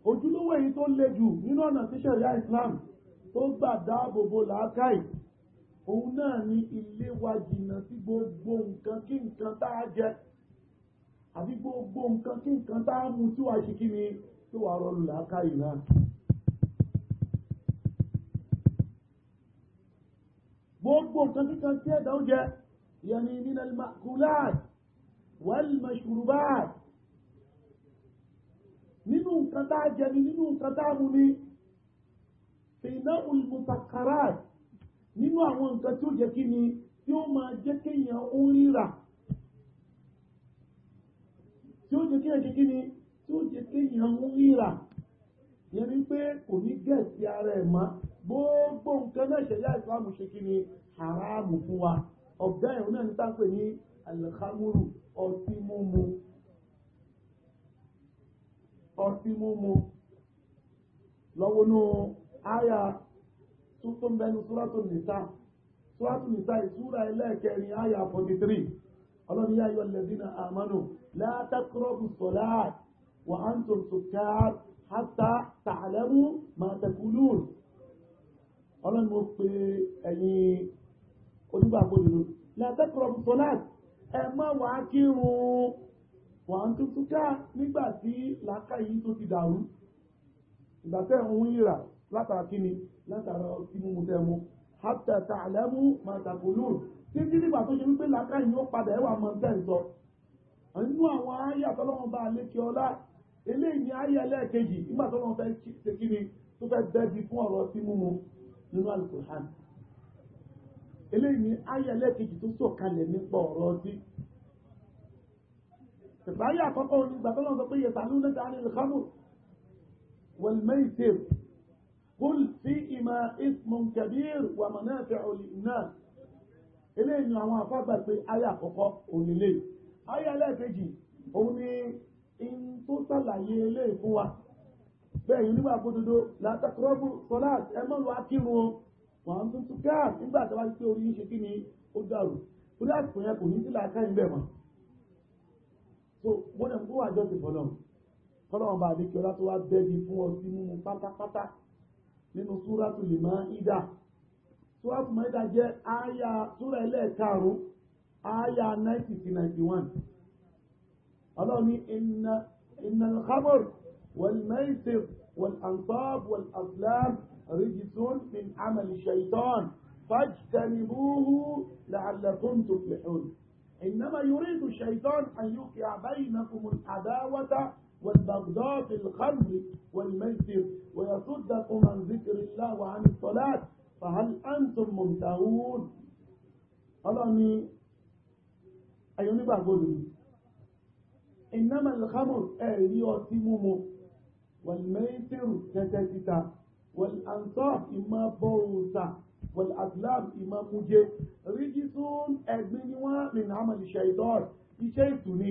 ojúlówó èyí tó le jù nínú ọ̀nà tí ṣẹ̀ríà islam tó gbà dáàbò bo làákàyè òun náà ni ilé wa jìnnà sí gbogbo nǹkan kí nǹkan tá a jẹ àbí gbogbo nǹkan kí nǹkan tá a mú tí wàá ṣe kí ni tó wàá rọlù làákàyè náà. gbogbo nǹkan kíkan tí ẹ̀dá oúnjẹ yẹni nínú al-makulat wal-mashrubat nínú nǹkan tá a jẹ ni nínú nǹkan tá a mú ni fìnà olùmùtàkàrà nínú àwọn nǹkan tí ó jẹ kí ni tí ó máa jẹ kéèyàn ó ríra tí ó jẹ́ kí ẹ̀jẹ̀ kí ni tí ó jẹ́ kí èèyàn mú ìrà yẹn ni pé kò ní gẹ̀ẹ́sì ara ẹ̀ mọ́ gbogbo nǹkan náà ṣẹ̀yà ìsìlámù ṣe kí ni haramu fún wa ọ̀gá ẹ̀hún náà ní sáfẹ́ ní alhamuru ọtí mímu ọtí mímu lọ́wọ́ nù áyà tuntun bẹnu súrátù nìta súrátù nìta ìsúra ẹlẹ́ẹ̀kẹrin áyà forty three ọlọ́run yá ayọ̀ lẹ́dínà àmánù. لا تقربوا الصلاة وأنتم سكار حتى تعلموا ما تقولون ọlọ́run mo pe ẹ̀yin onígbàgbọ́dọ̀dọ̀ látẹ́kọ̀ọ́ sọ́láàtì ẹ má wá kírun wà ń tuntun ká nígbà tí làákàyè tó ti dàrú ìgbà tẹ́ ń yíra látara kíni látara ọtí mímu tẹ́ mu hátà tààlẹ́mú màtàkùlù títí nígbà tó ṣe wípé làákàyè ó padà ẹ̀wà mọ́tẹ́ ń sọ nínú àwọn àyà tọ́lọ́wọ́n bá lékè ọlá eléyìí ni àyà ẹlẹ́ẹ̀kejì nígbà tọ́lọ́wọ́n fẹ́ ṣe kí ni tó fẹ́ bẹ́ẹ̀bi fún ọ̀rọ̀ sí mímu nínú alukur'an eléyìí ni àyà ẹlẹ́ẹ̀kejì tó sọ̀kalẹ̀ nípa ọ̀rọ̀ ọtí ìbáyà àkọ́kọ́ ní ìgbà tọ́lọ́wọ́n sọ pé yẹ tàlú ní dání ìlkámù wọlmẹ́ìtìr kúl sí ìmọ̀ ismun kabir wà mọ̀nà ìfẹ́ òlì náà eléyìí ni àwọn afágbà ayé ẹlẹ́ẹ̀kejì òun ni in tó sàlàyé ilé ìfún wa bẹ́ẹ̀ yìí nígbà gbódodo látàkùrọ́bù sọlá ẹ mọ́ lọ akírun o wọ́n tún tún gáà nígbà tí wọ́n ti orí yín kí ni ó dàrú orí àsìkò yẹn kò ní sí làákà yín mọ́ so wọ́n dẹ̀ ń kó àjọ ti fọ́nà kọ́lọ́wọ́n bá àdékè ọlá tó wá bẹ́ẹ̀bi fún ọtí mímu pátápátá nínú súrátù lè máa ń ìdá súrátù máa ń ìdá jẹ́ ááyà súrà ẹlẹ́ẹ̀karùn-ún aya ninety to ninety one ọlọ́run ní iná iná kámọ́r wàlmẹ́sìr wàlánsọ́b wàláslam rìjìsún min amàlì ṣaitán fàjtẹ̀nibúhu làálàkùn tuflihun إنما يريد الشيطان أن يوقع بينكم العداوة والبغضاء في الخمر والميسر ويصدكم عن ذكر الله وعن الصلاة فهل أنتم منتهون؟ ọlọ́ni ẹ̀yọ́ nígbàgbọ́ lè ìnáma lọ́kàmù ẹ̀rí ọtí múmu wàlmẹ́tẹ̀rù tẹ́tẹ́ títa wàlántọ́ ìmọ̀ bọ́ọ̀sà wàládùlám ìmọ̀ mújẹ ríjì tún ẹ̀gbin ni wọ́n rìn àmàlì ṣẹ̀dọ́r iṣẹ́ ìtùní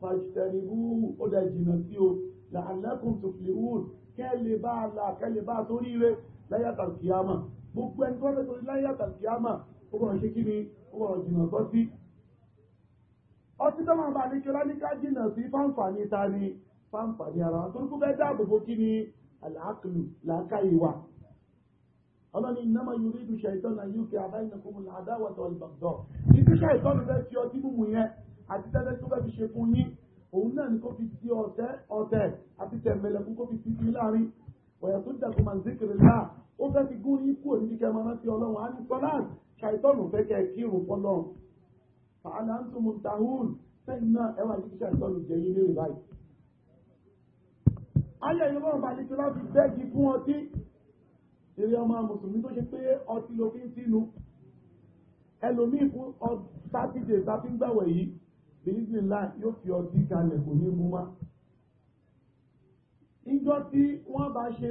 fàjìtẹ̀rìbù ó dẹ̀ jìnà sí o làálẹ́kùn tùfìlìwùn kẹ́lẹ̀ bá a là kẹ́lẹ̀ bá a torí rẹ̀ láyàtà kìámà gbogbo ẹni tó rẹ̀ torí láyàtà kìámà ó bọ̀rọ̀ ṣe kí ni ó bọ̀rọ̀ jìnà sọ́sí ọtí tọ́mọ̀ bá ní kíọ́lá ní ká jìnà sí fáǹfààní ta ni fáǹfààní ara wọn torí kó fẹ́ dáàbò bò kí ni àlàákùlù làákà ìwà ọlọ́ni ìnáma yorì ìlú ṣàìtọ́nà uk abáyẹnìkùnmù làdáwọ̀tọ̀ ìbàdàn ìlú ṣàìtọ́nù fẹ́ fi ọtí mímu yẹn àti tẹ́lẹ̀ tó fẹ́ fi ṣe fún yín òun náà ni kó fi ti ọ̀tẹ̀ ọ̀tẹ̀ àti tẹ̀mẹ̀lẹ̀kún kó fi ti ti láàrin ọ̀yà tó dàgbò máa ń zikiri náà ó fẹ́ fi gún yín kúrò níbi kẹ́ máa ọlọ́run á ní sọ́lá ṣàìtọ́nù fẹ́ kẹ́ kírun fọ́lọ́run fàálà ń tún mu tahun sẹ́yìn náà ẹ wà ní kíkà ìtọ́lù jẹ yín léèrè báyìí. ayé ìlú wọn balẹ̀ tó láti bẹ́ẹ̀gì fún ọtí eré ọmọ mùsùlùmí tó ṣe pé ọtí ló fi ń sínú ẹlòmíì fún thirty days a fi ń gbàwẹ̀ yìí bíyìí ńlá yóò fi ọtí kalẹ̀ kò ní mú wá. ìjọ tí wọ́n bá ṣe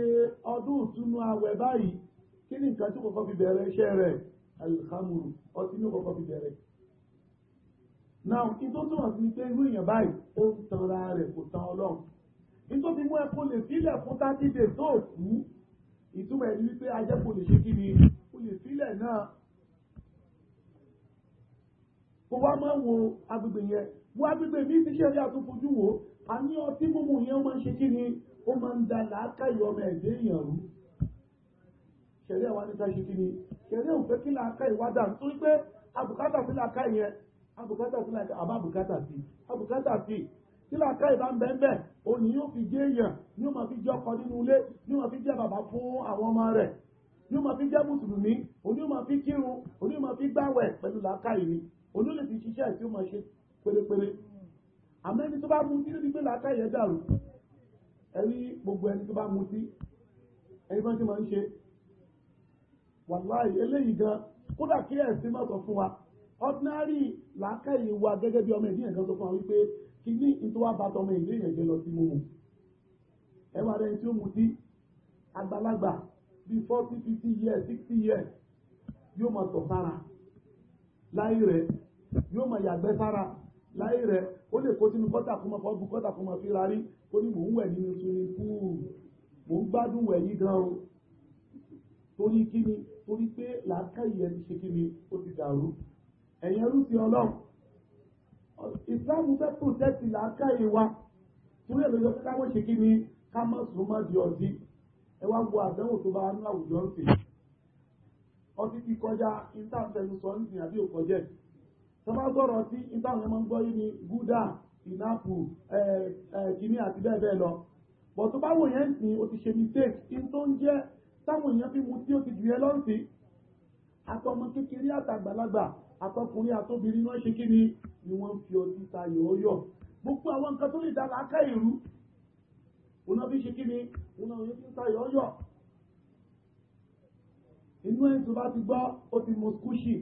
ọdún ìtúnu àwẹ̀ báyìí kí ni nǹkan tí kọ́kọ́ fi bẹ̀rẹ̀ iṣẹ́ rẹ̀ alhamuru ọtí ní kọ́kọ́ fi bẹ̀rẹ̀ now ìtò túmọ̀ sí pé irú èèyàn báyìí ó ń tanra rẹ̀ kò tan ọlọ́run ìtò ti mú ẹkọ lè sílẹ̀ fún thirty days tó kú ìtumọ̀ ẹni wípé ajẹ́ kò lè ṣe kí ni kò lè sílẹ̀ náà kó wá máa wo agbègbè yẹn wo agbègbè mi ti ṣe ẹ̀rí àtúnfojú wo àní ọtí mímu yẹn máa ń ṣe kí ni ó máa ń da làákàyè ọmọ ẹ̀dẹ́ èèyàn rú ṣẹ̀rí ẹ̀ wá ní ṣe kí ni ṣẹ̀rí ẹ̀ ò kí làákàyè wá dà nítorí pé àbùkátà sí làákàyè yẹn abùkátà sí làkà àbá abùkátà sí abùkátà sí tí làkà ìbá ń bẹ́ẹ̀ òun ni yóò fi jẹ́ èèyàn ni yóò máa fi jẹ́ ọkọ nínú ilé ni yóò máa fi jẹ́ bàbá fún àwọn ọmọ rẹ̀ ni yóò máa fi jẹ́ mùsùlùmí òun ni yóò máa fi kírun òun ni yóò máa fi gbàwẹ̀ pẹ̀lú làkà ìní òun ló lè fi ṣiṣẹ́ tí ó máa ṣe pérépéré àmọ́ ẹni tó bá mutí níbi pé làkà ìyẹn dàrú ẹni gbogbo ẹni tó bá mutí ẹni bá ti máa ń ṣe wàláì eléyìí gan kódà kí ẹ̀sìn má sọ fún wa ordinary làákàyè wa gẹ́gẹ́ bí ọmọ ìdíyàn kan sọ fún wa wípé kí ní ìtọ́wá bàtọ̀ ọmọ jẹ lọ sí mímu ẹ wà rẹ tí ó mu tí àgbàlagbà bíi forty fifty years sixty years yóò máa tọ̀ sára láì rẹ̀ yóò máa yàgbẹ́ sára láì rẹ̀ ó lè kó sínú kọ́tà kó máa fọ́ bu kọ́tà kó máa fi rárí ó ní mò ń wẹ̀ nínú sunni kúù mò ń gbádùn wẹ̀ yí gan o torí kí torí pé làákàyè ẹni ṣe kí ó ti dàrú ẹ̀yin rúfin ọlọ́run ìsìláàmù fẹ́ pòtẹ́tì làákà ìwà tí wọ́n lè lọ sí káwọn ṣe kí ni ká má sùn má di ọtí ẹ wá gbọ́ àdánwò tó bá wà ní àwùjọ ń sè ọtí ti kọjá intanẹtì sọ ní ìsìn àbí òkọjẹ sọ̀rọ̀ ọtí intanẹtì máa ń gbọ́ yìí ni gúdà ìnápù ẹ ẹ kìíní àti bẹ́ẹ̀ bẹ́ẹ̀ lọ bọ̀ tó bá wò sìn o ti ṣe mistake àtọkùnrin àtobìnrin náà ṣe kí ni ni wọ́n fi ọtí ta yọ̀ọ́yọ̀ gbogbo àwọn nǹkan tó lè dá láká ìrú òun náà fi ṣe kí ni òun náà fi ń ta yọ̀ọ́yọ̀ inú ẹ̀ tó bá ti gbọ́ ó ti mọ skúṣì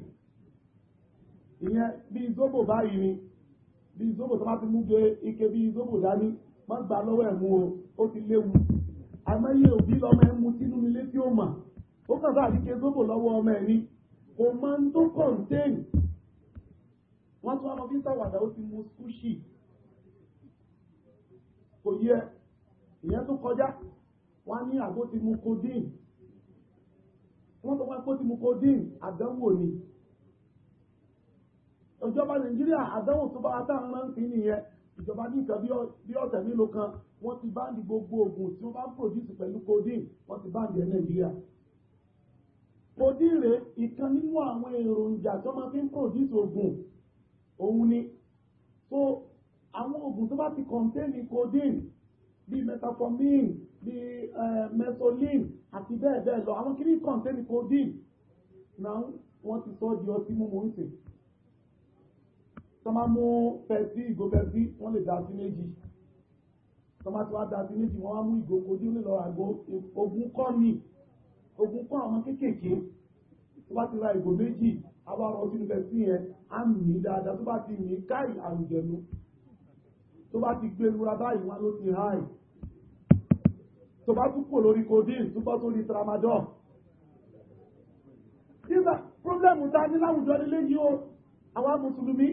ìyẹn bí zobo báyìí ni bí zobo tó bá ti mú ge ike bí zobo dání má gbà lọ́wọ́ ẹ̀ mú o ó ti léwu àmọ́ iye òbí lọ́mọ ẹ̀ mú tínú ilé tí ó mà ó kàn sáà zobo lọ́wọ́ ọmọ kò máa ń tó kọ̀ǹtẹ́ẹ̀nì wọ́n tún wá lọ fi ń sàwàdà ó ti mu sushi kò yẹ ìyẹn tó kọjá wọ́n á ní àgbo mu codeine wọ́n tó wá pé ó ti mu codeine àdánwò ni ìjọba nàìjíríà àdánwò tó bá wa tá à ń rántí nìyẹn ìjọba ní nǹkan bí ọ̀sẹ̀ mélòó kan wọ́n ti báńdì gbogbo ògùn tí wọ́n bá ń pòdúsì pẹ̀lú kodin. wọ́n ti báńdì ẹ̀ nàìjíríà. podíre ìkan nínú àwọn èròjà tó máa fi ń produce oògùn òun ni so àwọn oògùn tó bá ti contain codeine bíi metformin bíi eh, mesolin àti bẹ́ẹ̀ bẹ́ẹ̀ lọ àwọn kìíní contain codeine náà wọ́n ti sọ di ọtí mímu ń sè tọ́má mú pẹ̀sí ìgò pẹ̀sí wọ́n lè dá sí méjì tọ́má tí wọ́n dá sí méjì wọ́n wá mú ìgò codeine lọ́ra ogún kọ́ ogun kọ́ àwọn kéékèèké tó bá ti ra ìgò méjì abáró sínú pẹ̀sí yẹn á mì dáadáa tó bá ti mì káì àrùjẹ̀nu tó bá ti gbé ìrora báyìí wá ló ti háì tó bá tún kò lórí codeine tó bá tó ní tramadol nígbà pírọ́blẹ́mù ta ní láwùjọ nílé yìí o àwọn mùsùlùmí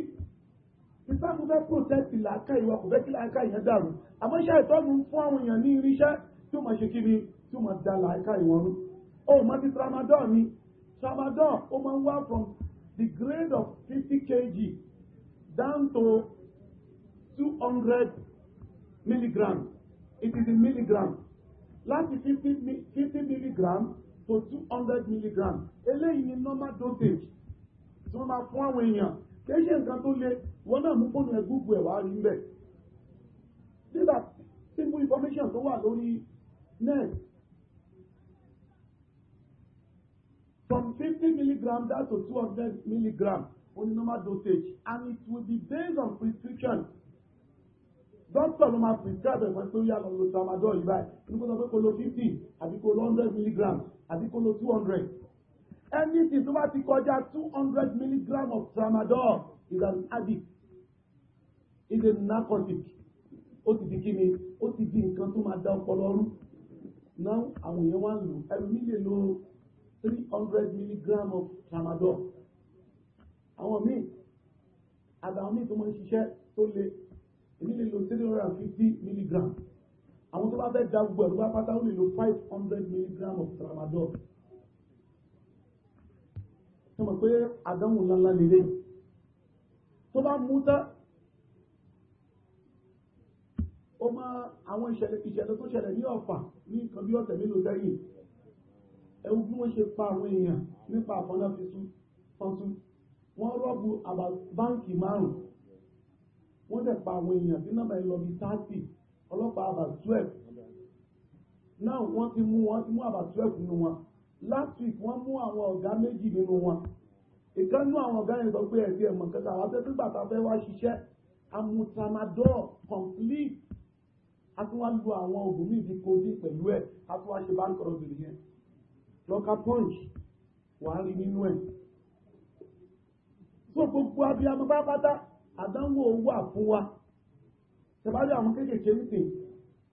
ìsáàmù fẹ́ protect ìlàkà ìwà kò fẹ́ kí láàkà ìyẹn dàrú àmọ́ iṣẹ́ ìtọ́nu fún àwọn èèyàn ní irinṣẹ́ tí ó máa ṣe kí ni tí ó máa da làákà ìwọ̀n rú ó mọ bí tramadol ni tramadol ó máa ń wá from the grade of fifty kg down to two hundred milligram it is in milligram láti fifty milligram to two hundred milligram eléyìí ni normal dosage tí wọ́n máa fún àwọn èèyàn kìí ṣe nǹkan tó le wọ́n náà mú fóònù ẹ̀ gúgù ẹ̀ wá rí ń bẹ̀ nígbà simple information tó wà lórí net from fifty milligram down to two hundred milligram only normal dosage and it will be based on prescription doctor ló máa prescribe ẹ̀ fún pé ó lọ lo tramadol yìí báyìí kí ló sọ pé kó lo fifty àbí kó lo hundred milligram àbí kó lo two hundred anything tó bá ti kọjá two hundred milligram of tramadol is an addict is a narcotic ó ti di kíni ó ti di nǹkan tó máa da ọpọlọ rú náà àwọn èèyàn wá ń lò ẹ̀mí lè lo three hundred milligram of tramadol àwọn míì àtàwọn míì tó máa ń ṣiṣẹ́ tó le èmi lè lo three hundred and fifty milligram àwọn tó bá fẹ́ da gbogbo ẹ̀rú bá pátá ó lè lo five hundred milligram of tramadol tó mọ̀ pé àdánwò ńláńlá lélẹ̀ tó bá mú tán ó máa àwọn ìṣẹ̀lẹ̀ ìṣẹ̀lẹ̀ tó ṣẹlẹ̀ ní ọ̀fà ní nǹkan bí ọ̀sẹ̀ mélòó sẹ́yìn ẹ̀wù bí wọ́n ṣe pa àwọn èèyàn nípa àpọ́nlá fi tú tọ́tú wọ́n rọ́bù báǹkì márùn-ún wọ́n dẹ̀ pa àwọn èèyàn tí nọ́mbà ìlọ bíi ọlọ́pàá àbà twelve náà wọ́n ti mú wọ́n ti mú àbà twelve nínú wọn last week wọ́n mú àwọn ọ̀gá méjì nínú wọn ìkànnú àwọn ọ̀gá yẹn sọ pé ẹ̀sìn ẹ̀mọ̀ kẹta àwọn afẹ́fẹ́ gbàtà fẹ́ wá ṣiṣẹ́ amutamadol complete a tún wá lu àwọn ògùn míì bíi codeine pẹ̀lú ẹ̀ a tún wá ṣe bá ń kọ̀rọ̀ bìrì yẹn lọ́ka punch wà á rí nínú ẹ̀ so gbogbo abiyamọ pátápátá àdánwò wà fún wa tẹ̀bájú àwọn kéékèèké ń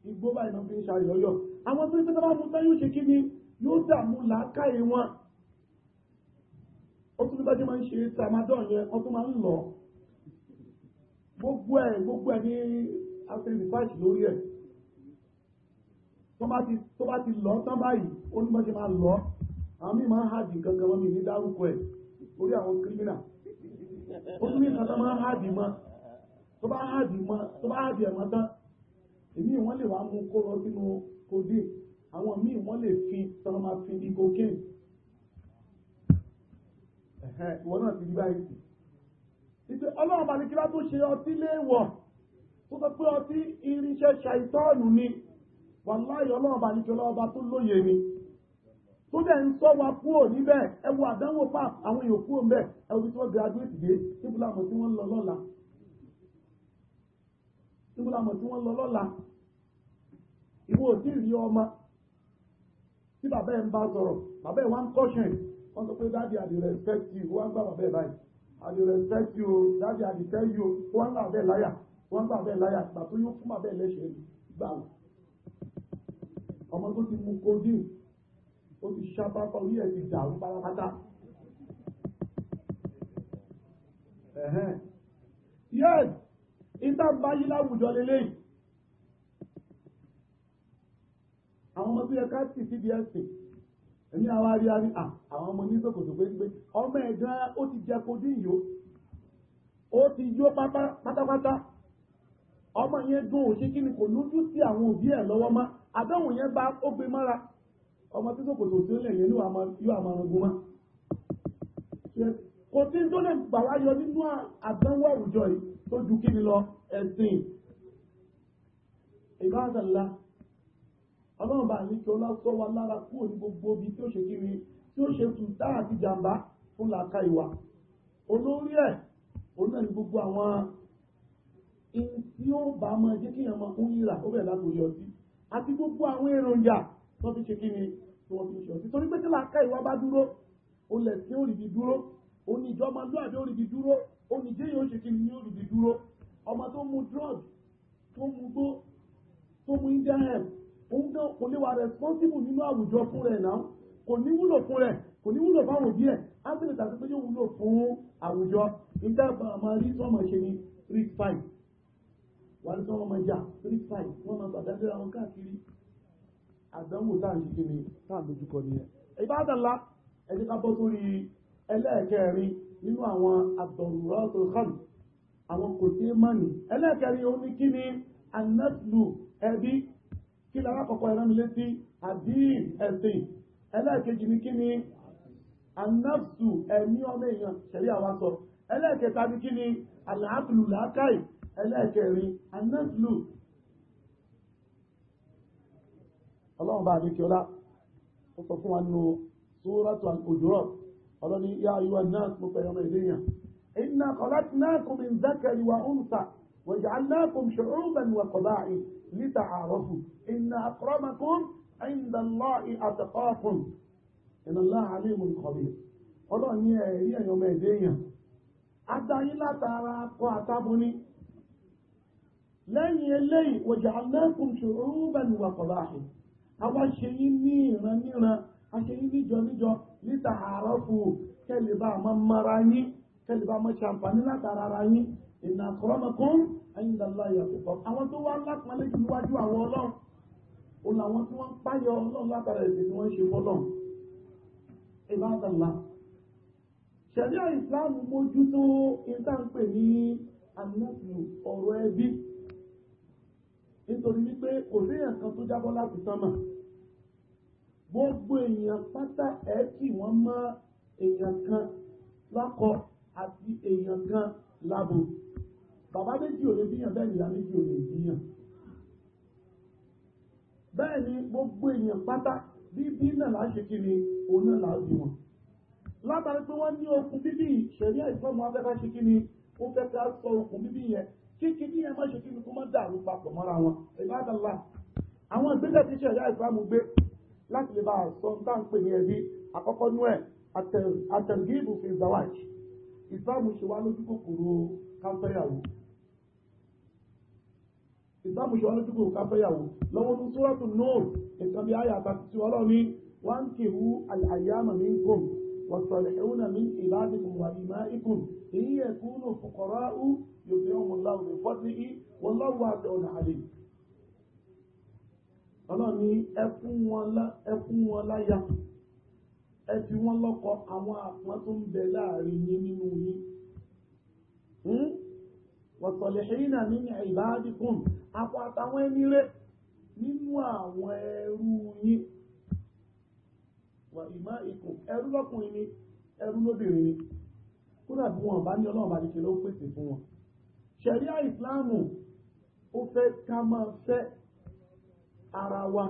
igbó bá náà fi ń ọyọ àwọn tó ń pẹ́tọ́ bá mú tán yóò ṣe kí ni yóò dààmú làákàyè wọn ó tún yẹn wọ́n tún máa gbogbo ẹ̀ gbogbo ẹ̀ ní lórí tó bá ti tó bá ti lọ tán báyìí ó ní bọ́n ṣe máa lọ àwọn míì máa ń hajì gangan wọn mi ní dárúkọ ẹ̀ lórí àwọn kírímìnà ó ní nǹkan tán máa ń hajì mọ́ tó bá hajì mọ́ tó bá hajì ẹ̀mọ́ tán èmi wọ́n lè wá mú kó lọ sínú kòdì àwọn míì wọ́n lè fi tán máa fi ní cocaine ìwọ náà ti di báyìí ìpè ọlọ́run bá kí lá tó ṣe ọtí léèwọ̀ tó sọ pé ọtí irinṣẹ́ ṣàìtọ́ọ̀nù ni. wàláyé ọlọ́ọ̀bá ní kẹlẹ́ ọba tó lóye ni tó dẹ̀ ń sọ wa kúrò níbẹ̀ ẹ wo àdánwò pap àwọn èèyàn kúrò ń bẹ̀ ẹ wo tí wọ́n graduate dé tí wọ́n lọ lọ́la níbula mọ̀ tí ọmọ tí bàbá ń bá sọ̀rọ̀ bàbá wá ń wọ́n sọ pé dáàdi àdì respect you wọ́n gbà bàbá báyìí àdì respect you dáàdi àdì you wọ́n gbà láyà wọ́n ọmọ tó ti mu codeine ó ti ṣàpápá orí ẹ̀ ti dàrú pátápátá. yes ìta ń báyí láwùjọ lélẹ́yìn àwọn ọmọ tó yẹ ká sì síbi ẹ̀sìn èmi àwọn aríyá ní àwọn ọmọ ní sòkòtò pé ọmọ ẹ̀ gan-an ó ti jẹ codeine yó ó ti yó pátápátá ọmọ yẹn dún òṣè kí ni kò lójú sí àwọn òbí ẹ̀ lọ́wọ́ mọ́ àbẹ̀wò yẹn bá ó gbé mọ́ra ọmọ tí sòkòtò tí ó lẹ̀ yẹn yóò àmọ́ ọ̀rùn mọ́. kò sí tó lè gbà wá yọ nínú àdánwò àwùjọ yìí tó ju kí ni lọ ẹ̀sìn. ìbáraẹ̀lá ọlọ́run bá ní kí ọlá sọ wa lára kúrò ní gbogbo ibi tí ó ṣe kiri tí ó ṣe tún dáhà àti jàǹbá fún làákà ìwà olórí ẹ̀ òun náà ní gbogbo àwọn tí ó bá mọ jẹ́ kí èèyàn máa ń yíra ó bẹ̀rẹ̀ lánàá yọ sí àti gbogbo àwọn èròjà tó fi ṣe kí ni tí wọ́n fi ń ṣọtí torí pé tí làákà ìwà bá dúró ó lẹ̀ sí òrìbí dúró ó ní ìjọ ọmọlúwàbí òrìbí dúró ó ní jẹ́yìn oṣù kí ni òrìbí dúró ọmọ tó mu drug tó mu gbó tó mu indian hemp òun náà kò lè wà responsible nínú àwùjọ fún rẹ̀ náà kò ní wúlò fún rẹ̀ kò ní wúlò fáwọn òbí ẹ̀ á sì lè tàbí pé yóò wúlò fún àwùjọ ìdáàbò àmọ́ rí sọ́mọ̀ ṣe ni rí fine wọ́n tán wọ́n máa jà street fight wọ́n máa pàdánù àwọn káàkiri àdánwò táàkì kí ni táàkì dojúkọ nìyẹn ìbádàlá ẹ jẹ́ ká bọ́ sórí ẹlẹ́ẹ̀kẹrin nínú àwọn ad-daruratul khams àwọn kò tí mọ́nì ẹlẹ́ẹ̀kẹrin ó ní kí ni anaslu ẹbí kí lára kọ̀kọ́ ẹ̀rọ mi létí àdín ẹ̀sìn ẹlẹ́ẹ̀kejì ní kí ni anaslu ẹ̀mí ọmọ èèyàn ṣẹ̀rí àwa sọ ẹlẹ́ẹ̀kẹta ní kí ni àlàáfílù الأشعري النسل اللهم بعد كلا قصصوا أنه سورة الأجرات قالوا لي يا أيها الناس مطيما إلينا إنا خلقناكم من ذكر وأنثى وجعلناكم شعوبا وقبائل لتعارفوا إن أكرمكم عند الله أتقاكم إن الله عليم خبير قالوا لي يا أيها الناس أتعينا تعالى أتعبني lẹ́yìn eléyìí waja'alnakum shu'uban wa qaba'ih àwa ṣe yín ní a ṣe yín níjọ níjọ lita'arafu mara yín kẹ́lìbá àmọ́ ṣàǹfààní látara ara yín inna akramakum 'inda Allahi atqakum àwọn tó wá lápẹ́lẹ́ jù níwájú àwọn ọlọ́run ó làwọn tí wọ́n páyọ ọlọ́run látara èdè ni wọ́n ṣe fọ́lọ́run mójútó ìtàǹpẹ̀ ní nítorí wípé kò léèyàn kan tó jábọ́ láti sánmà gbogbo èèyàn pátá ẹ̀ kì wọ́n mọ́ èèyàn kan lákọ àti èèyàn kan lábo bàbá méjì ò lè bíyàn bẹ́ẹ̀ nìyá méjì ò lè bíyàn bẹ́ẹ̀ ni gbogbo èèyàn pátá bíbí náà láṣẹ kí ni òun náà láàbí wọn látàrí pé wọ́n ní okùn bíbí ìṣẹ̀rí àìsàn wọn fẹ́ ká ṣe kí ni ó fẹ́ ká sọ okùn bíbí yẹn kékeré yẹn má ṣe kí kó má dàrú papọ̀ mọ́ra wọn ìbádọ́lá àwọn ìgbésẹ̀ tí ṣẹ̀dá ìsìlámù gbé láti lè bá ń ní ẹbí àkọ́kọ́ nú ẹ̀ àtẹ̀gíìbù fi zawaj ṣe wá lójú kòkòrò káfẹ́yàwó ṣe wá وتصلحون من عبادكم وإمائكم إن يكونوا فقراء يغنيهم الله من فضله والله واسع عليم ọlọ́run ní ẹkún wọn láyà ẹ fi wọ́n lọ́kọ àwọn àpọ́n tó ń bẹ láàrin yín nínú yín wọ̀tọ̀lẹ̀ṣẹ́yìnà ní ìbáàdìkùn àpọ̀ àtàwọn ẹni rẹ̀ nínú àwọn ẹrú yín wà ìmá ikùn ẹrú lọ́kùnrin ni ẹrú lóbìnrin ni kódà bí wọn bá ní ọlọ́run bá ti ṣe ló pèsè fún wọn ṣẹ̀ríà ìsìláàmù ó fẹ́ ká máa fẹ́ ara wa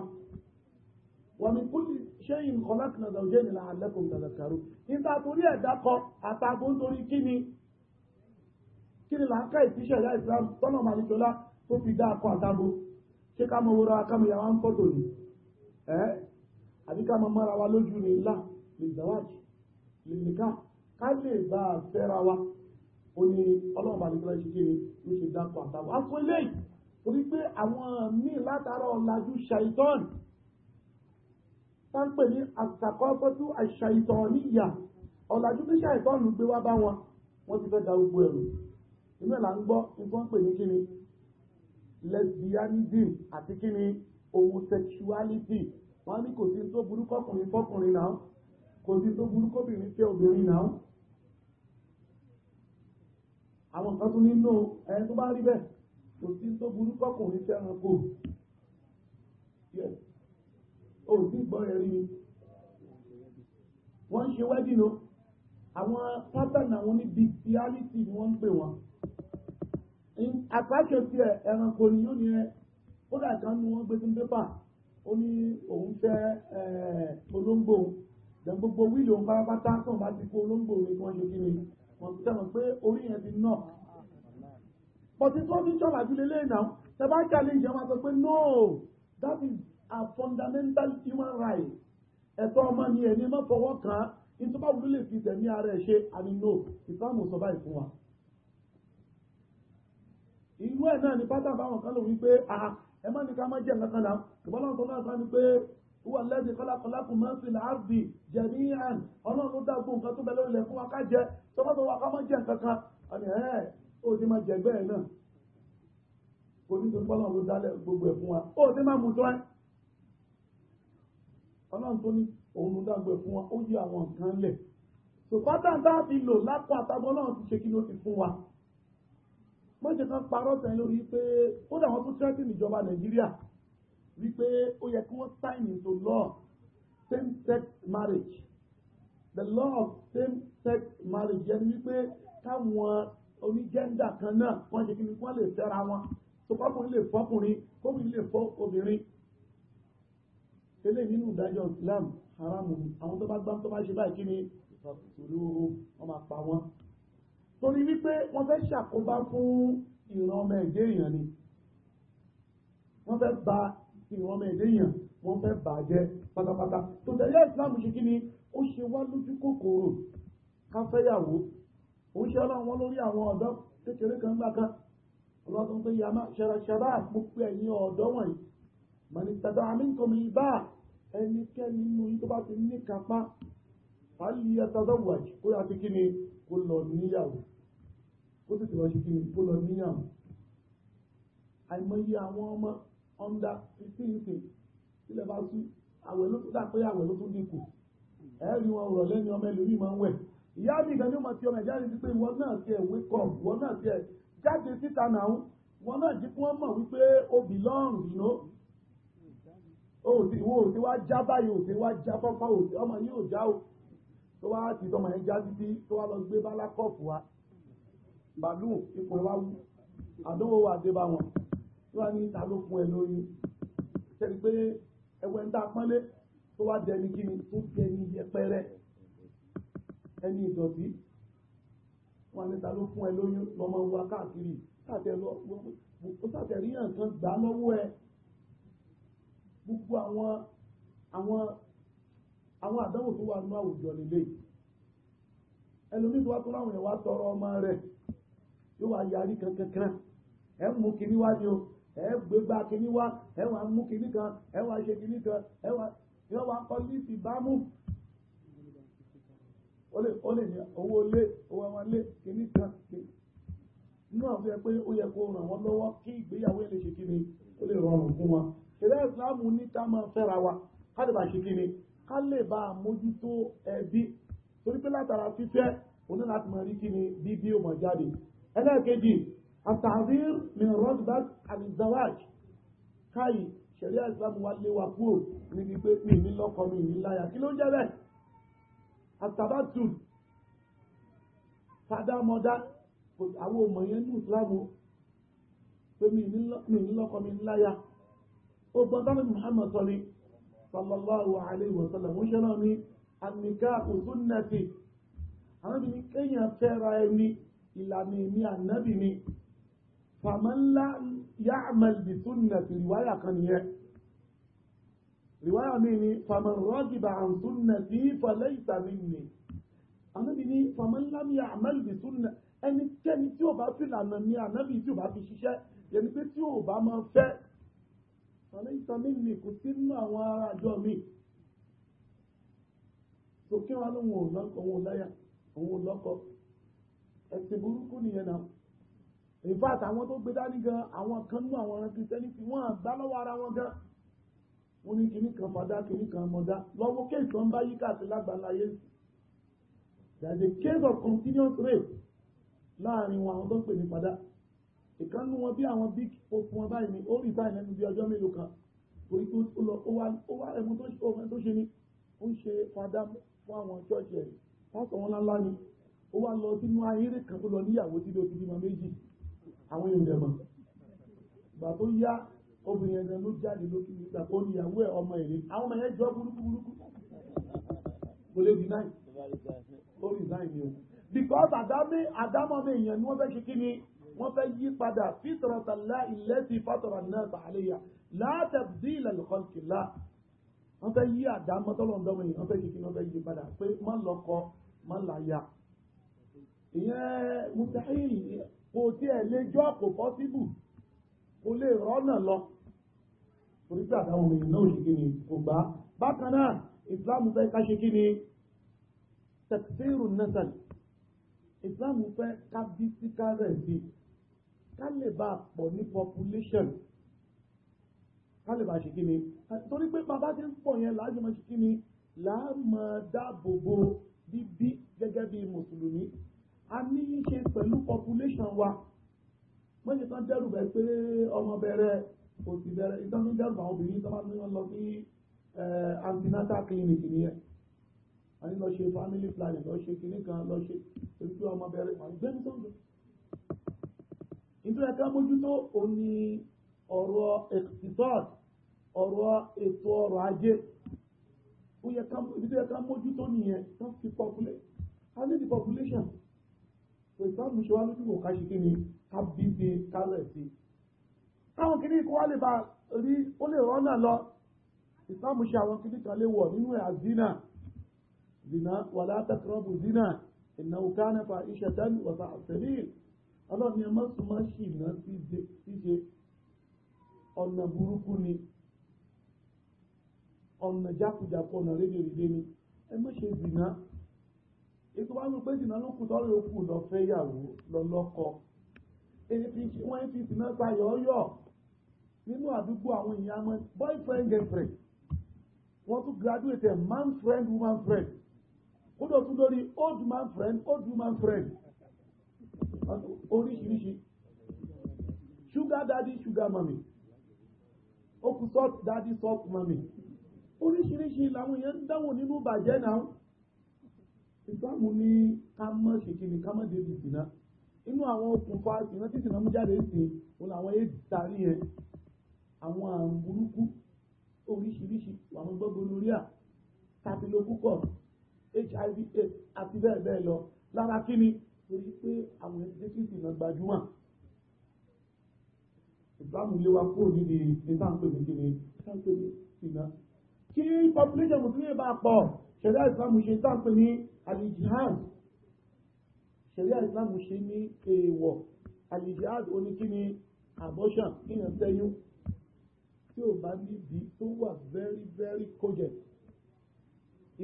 wà mí kúlì ṣẹ́yìn nǹkan láti nàdà òjẹ́ ìnìlà àlẹ́kùn tàdàkàrú níta torí ẹ̀dá kọ àtàgbó nítorí kí ni kí ni làákà ìfíṣẹ̀ ìyá ìsìláàmù tọ́nà màlìjọlá tó fi dá akọ àtàgbó ṣé ká mọ wúra ká mọ yàrá ń fọ́tò ni ẹ́ àbí ká mọ mọ́ra wa lójú ní ilá lè zàwájì lè nìka ká lè bá a fẹ́ra wa ó ní ọlọ́run bá nípa ṣe kiri ló ṣe dápọ̀ àtàwọn aṣọ eléyìí torí pé àwọn míì látara ọ̀làjú ṣàìtọ́n táǹpẹ̀ ní àtàkọ́fọ́tú àṣàìtọ́ níyà ọ̀làjú tí ṣàìtọ́n ló gbé wá bá wọn wọ́n ti fẹ́ da gbogbo ẹ̀rù inú ẹ̀ là ń gbọ́ nǹkan pè ní kíni lesbianism àti kíni homosexuality wọ́n ní kò sí tó burú kọkùnrin fọkùnrin náà kò sí tó burú kóbìnrin fẹ́ obìnrin náà àwọn kan tún nínú ẹni tó bá rí bẹ́ẹ̀ kò sí tó burú kọkùnrin fẹ́ ẹranko ò sí gbọ́ ẹ̀rí ni wọ́n ń ṣe wedding o àwọn pattern àwọn níbi reality ni wọ́n ń pè wọ́n àpáṣọ tiẹ̀ ẹranko ni yóò ní ẹ kódà kan ni wọ́n gbé sí pépà ó ní òun fẹ́ eh, olóńgbò dẹ̀n gbogbo wíìlì òun bá bá tán tóun bá ti kó olóńgbò rẹ̀ wọ́n ṣe kiri wọ́n ti tẹ̀wọ̀n pé orí yẹn ti nà. bọ̀tí tó fi jọba ìdílé lẹ́yìn náà tẹ̀bá jalè ìjọba sọ pé no that is a fundamental human right ẹ̀tọ́ ọmọnìyàn ni má fọwọ́ kàn án ìtọ́ba wúlò lè fi tẹ̀mí ara ẹ̀ ṣe àmì no ìsìlámù sọ báyìí fún wa. ìlú ẹ̀ náà ni pátá báwọn kan lò wípé ah ẹ má ní ká má jẹ́ nǹkan kan ìbọ́lọ́run tó náà sọ ni pé wúwa lẹ́sìn kọ́lákọ́lá kò máa ń fi láàbì jẹ̀mí àn ọlọ́run tó dàgbò nǹkan tó bẹ lórí ilẹ̀ fún wa ká jẹ tó bá tó wà ká má jẹ́ nǹkan kan àní ẹ̀ ó ti máa jẹ̀gbẹ́ ẹ̀ náà kò ní torí bọ́lọ́run ló dálẹ̀ gbogbo ẹ̀ fún wa ó ti máa mú tán ẹ̀ ọlọ́run tó ní òun ló dàgbò ẹ̀ fún wa ó yí àwọn nǹkan lẹ̀ ṣùgbọ́n táǹtà ti lò lápò àtàbọ̀ ọlọ́run ti ṣe kí ló ti fún wa mọ́jẹ̀ kan parọ́ tẹ̀ lórí pé ó dà wọ́n tún threatening ìjọba nàìjíríà wípé ó yẹ kí wọ́n sign into law same-sex marriage the law of same-sex marriage yẹn wípé káwọn onígẹ́ńdà kan náà wọ́n ṣe kí ni wọ́n lè fẹ́ra wọn tó kọ́kùnrin lè fọ́kùnrin kóbìnrin lè fọ́ obìnrin eléyìí nínú ìdájọ́ Islam haramu àwọn tó bá gbá tó bá ṣe báyìí kí ni ìfàkùsùlù wọn máa pa wọn torí wípé wọ́n fẹ́ ṣàkóbá fún ìran ọmọ ẹ̀dẹ́ èèyàn ni wọ́n fẹ́ ba ìran ọmọ ẹ̀dẹ́ èèyàn wọ́n fẹ́ bà á jẹ́ pátápátá tó tẹ̀lé ìsìláàmù ṣe kí ni ó ṣe wá lójú kòkòrò ká fẹ́yàwó òun ṣe ọlọ́run wọn lórí àwọn ọ̀dọ́ kékeré kan gbà kan ọlọ́run pé yàmá ṣẹra ṣẹra àpòpọ̀ ẹ̀yìn ọ̀dọ́ wọ̀nyí mọ̀nìtàdà àmínkọ́mi bá ẹnikẹ́ni nínú yìí tó bá ti ní kápá fàálì ẹ̀tàdọ́wọ̀ kó yà ti kí ni kó lọ níyàwó ó tètè lọ ṣe kí ó lọ níyàwó àìmọye àwọn ọmọ under fifteen years sílẹ̀ bá tú àwẹ̀ ló tún dá pé àwẹ̀ ló tún dínkù ẹ̀rí wọn rọ̀ lẹ́ni ọmọ ẹlòmíì máa ń wẹ̀ ìyá mi ìgbà ní ọmọ tí ọmọ ẹ̀já rí pé ìwọ náà tiẹ̀ wake up ìwọ náà tiẹ̀ jáde síta náà wọn náà jí kí wọ́n mọ̀ wípé obì lọ́rùn yìí òtí wo òtí wá já báyìí òtí wá já pápá òtí ọmọ yìí ò já o tó wá ti tọmọ yẹn já títí tó wá lọ gbé bálákọ̀ọ̀fù wa bàálù ipò wa wú àdánwò wà dé bá wọn tí wọ́n ní ta ló fún ẹ lóyún ṣẹ́ni pé ẹwẹ́ ń dá pọ́nlé tó wá dẹni kí ni tó fi ẹni yẹpẹrẹ ẹni ìdọ̀tí wọ́n ní ta ló fún ẹ lóyún lọ́mọ wa káàkiri sàtẹ̀ríyàn kan gbà lọ́wọ́ ẹ gbogbo àwọn àwọn àwọn àdánwò tó wà nínú àwùjọ nílé ẹlòmíì tó wá tó láwọn ẹ̀ wá tọrọ ọmọ rẹ̀ yóò wá yarí kankankan ẹ mú kíní wá ni o ẹ gbégbá kíní wá ẹ wá mú kíní kan ẹ wá ṣe kíní kan ẹ wá yóò wá kọ líìsì bámú ó lè ní owó lé owó ọmọ lé kíní kan nínú àwọn ẹ pé ó yẹ kó ràn wọ́n lọ́wọ́ kí ìgbéyàwó ẹ lè ṣe kíni ó lè rọrùn fún wọn ṣẹlẹ̀ ìsìláàmù ní ká máa fẹ́ra wa ká lè bá ṣe kíni ká lè bá mójútó ẹbí torí pé látara fífẹ́ oní láti máa rí kíni bíbí ó máa jáde ẹlẹ́ẹ̀kejì àtàrír ní rọ́gbà àdìdáwàj káyì ṣẹ̀rí àìsàn wa lé wa kúrò níbi pé mi ní lọ́kọ mi ní láya kí ló ń jẹ́ bẹ́ẹ̀ àtàbátù fádámọ́dá àwọn ọmọ yẹn ní ìsìlámù pé mi ní lọ́kọ mi ní láya ó gbọ́n dáná Muhammad sọlí sallallahu alayhi wa sallam ń ṣe náà ní àníká òsúnnẹ́tì àwọn ibi ní kéèyàn fẹ́ra ẹni ìlànà èmi ànábì ni fàmánlá ya'mal bi sunnati rìwáyà kan nìyẹn rìwáyà mi ni fàmán ragiba an sunnati falaysa minni ànábì ni fàmánlá ya'mal bi sunnati ẹnikẹ́ni tí ò bá fi lànà mi ànábì tí ò bá fi ṣiṣẹ́ yẹni pé tí ò bá máa fẹ́ falaysa ẹ̀sìn burúkú nìyẹn náà in fact àwọn tó gbé dání gan àwọn kan nú àwọn ọ̀ràn kìrìsìtẹ́nì tí wọ́n àgbá lọ́wọ́ ara wọn gan wọ́n ní kìíní kan fàdá kìíní kan mọ̀dá lọ́wọ́ kéèsì wọn bá yíká àti lágbàláyé there is a case of continuous rape láàrin wọn àwọn tó ń pè ní fàdá ìkànnì wọn bí àwọn big pope wọn báyìí ni ó rí báyìí lẹ́nu bí ọjọ́ mélòó kan torí pé ó lọ ó wá ẹ̀mú tó ṣe ní ó ń ṣe fàdá fún àwọn church ẹ̀ wọ́n sọ wọn láńlá ni ó wá lọ sínú ahéré kan tó lọ níyàwó tí ló ti bímọ méjì àwọn èèyàn dẹ̀mọ̀ ìgbà tó yá obìnrin ẹ̀dẹ̀ ló jáde lókè nígbà tó níyàwó ẹ̀ ọmọ èrè àwọn ọmọ yẹn jọ burúkú burúkú kò lè dì náà ó rì náà ni o because àdámé àdámọ́ mi èèyàn ni wọ́n fẹ́ ṣe kí ni wọ́n fẹ́ yí padà fítọ̀rọ̀tàlá ìlẹ́sìn fátọ̀rọ̀ náà sàálẹ́yà látàbí ìlànà kọ́ńtìlá wọ́n fẹ́ yí àdámọ́ tọ́lọ́ ń dọ́mọ yìí wọ́n fẹ́ ṣe kí ni wọ́n fẹ́ yí padà pé má lọ́kọ má láyà ìyẹn mùsàáyì kò tí ẹ̀ lè jọ́ kò pọ́síbù kò lè rọ́nà lọ oríṣi àtàwọn èèyàn náà ṣe kíni kò gbá bákan náà ìsìláàmù fẹ́ ká ṣe kíni tẹ̀síìrù nẹ́sàn ìsìláàmù fẹ́ ká bí sí ká rẹ̀ sí ká lè bá pọ̀ ní population ká lè bá ṣe kíni torí pé bàbá ti ń pọ̀ yẹn láàjọ máa ṣe kíni láàmọ̀ dáàbòbò bíbí gẹ́gẹ́ bí mùsùlùmí a ní í ṣe pẹ̀lú population wa wọ́n ṣe tán dẹ́rù bẹ́ẹ̀ pé ọmọ bẹ̀rẹ̀ kò sì bẹ̀rẹ̀ ìtàn ní dẹ́rù àwọn obìnrin tó máa ń lọ sí eh, antenatal clinic nìyẹn a ní lọ ṣe family planning lọ ṣe kinní kan lọ ṣe ojú ọmọ bẹ̀rẹ̀ wà gbẹ́ni tó ń lọ. ìtura ẹ̀ka mójútó òní ọ̀rọ̀ ẹ̀sìtọ́ọ̀tì ọ̀rọ̀ ètò ọrọ̀ ajé ó yẹ mójútó nìyẹn tó fi population so ìsìláàmù ṣe wá ní kíkò ká ṣe kí ni ká bí ṣe kálẹ̀ sí i káwọn kìíní kó wá lè bá rí ó lè rọ́nà lọ ìsìláàmù ṣe àwọn kìíní kan lè wọ̀ nínú ẹ̀ àzínà zina wàlá taqrabu zina innahu kana fahishatan wa sa'a sabil ọlọ́ni ẹ má súnmọ́ ṣìnà ṣíṣe ọ̀nà burúkú ni ọ̀nà jákujàpọ̀ ọ̀nà rédèrèdè ni ẹ ṣe zina ètò wá rú pé jìnnà ló kù tọ́lọ́ ló kù lọ fẹ́ yàwó lọ lọ́kọ wọ́n fi jìnnà gba yọ̀ọ́yọ̀ nínú àdúgbò àwọn èèyàn mọ́ boyfriend girlfriend wọ́n tún graduate man friend woman friend kódò tún lórí old man friend old woman friend oríṣiríṣi sugar daddy sugar mommy okùn salt daddy salt mommy oríṣiríṣi làwọn èèyàn ń dáwò nínú bàjẹ́ náà ìsìláàmù ní ká mọ́ ṣèké ni ká mọ́ débi ìsìná inú àwọn okùnfà ìsìná tí ìsìná mú jáde sí òun làwọn éèdì tarí yẹn àwọn àrùn burúkú oríṣiríṣi àwọn gbọ́gbọ́lóríà tàbílókúkọ̀ hiv àti bẹ́ẹ̀ bẹ́ẹ̀ lọ lára kí ni torí pé àwọn ẹgbẹ́ tí ìsìná gbajúmọ̀ ìsìláàmù lé wa kúrò níbi ìsìnkáǹpé mi kí ni ìsìnkáǹpé mi ìsìná kí population mùsùlùmí bá pọ̀ ṣẹ̀dá ìsìláàmù ṣe ìsìnkáǹpé ní alijihad ṣẹ̀ríà islam ṣe ní èèwọ̀ alijihad oníkíni abortion kíyàn tẹ́yún tí ò bá níbi tó wà very very cogent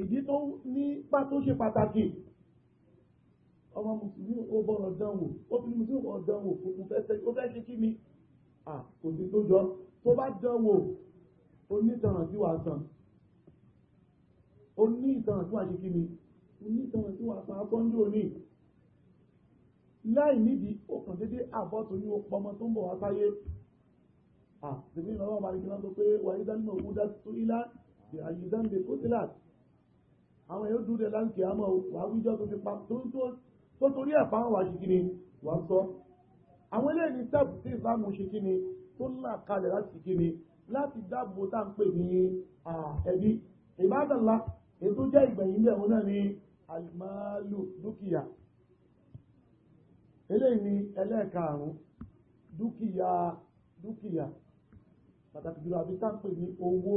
ìdí tó ní pàtó ṣe pàtàkì ọmọ mùsùlùmí ó bọ̀rọ̀ dánwò ó fi mùsùlùmí ó dánwò kò fẹ́ ṣe kí ni kò sí tó jọ tó bá dánwò onítàràn tí wàá tàn oní ìtàràn tí wàá ṣe kí ni onítàn tí wà fún akọ́ńdé òní láì nídìí ọkàn dédé àbọ̀tò ní ọpọmọ tó ń bọ̀ wá sáyé àtẹ̀bí ìrànlọ́wọ́ bá nìkan sọ pé wà ní dánimọ̀ òkú dá tó ilá di àyè dánimọ̀ èkó sílá àwọn èèyàn dúró dé láǹkì àmọ́ wàá wíjọ́ tó ti pa tó ń tó torí ẹ̀fà wà sí kíni wàá sọ àwọn eléyìí ní sẹ́ẹ̀bù tí ìsìláàmù ṣe kíni tó ń là kalẹ̀ láti kíni láti dáàbò tá à ń pè ní ẹbí ìbádàlá ètò jẹ́ ìgbẹ̀yìn bí ẹ̀wọ̀n náà ni almalu dúkìá eléyìí ni ẹlẹ́ẹ̀karùn-ún dúkìá dúkìá pàtàkì jùlọ àbí tápè ní owó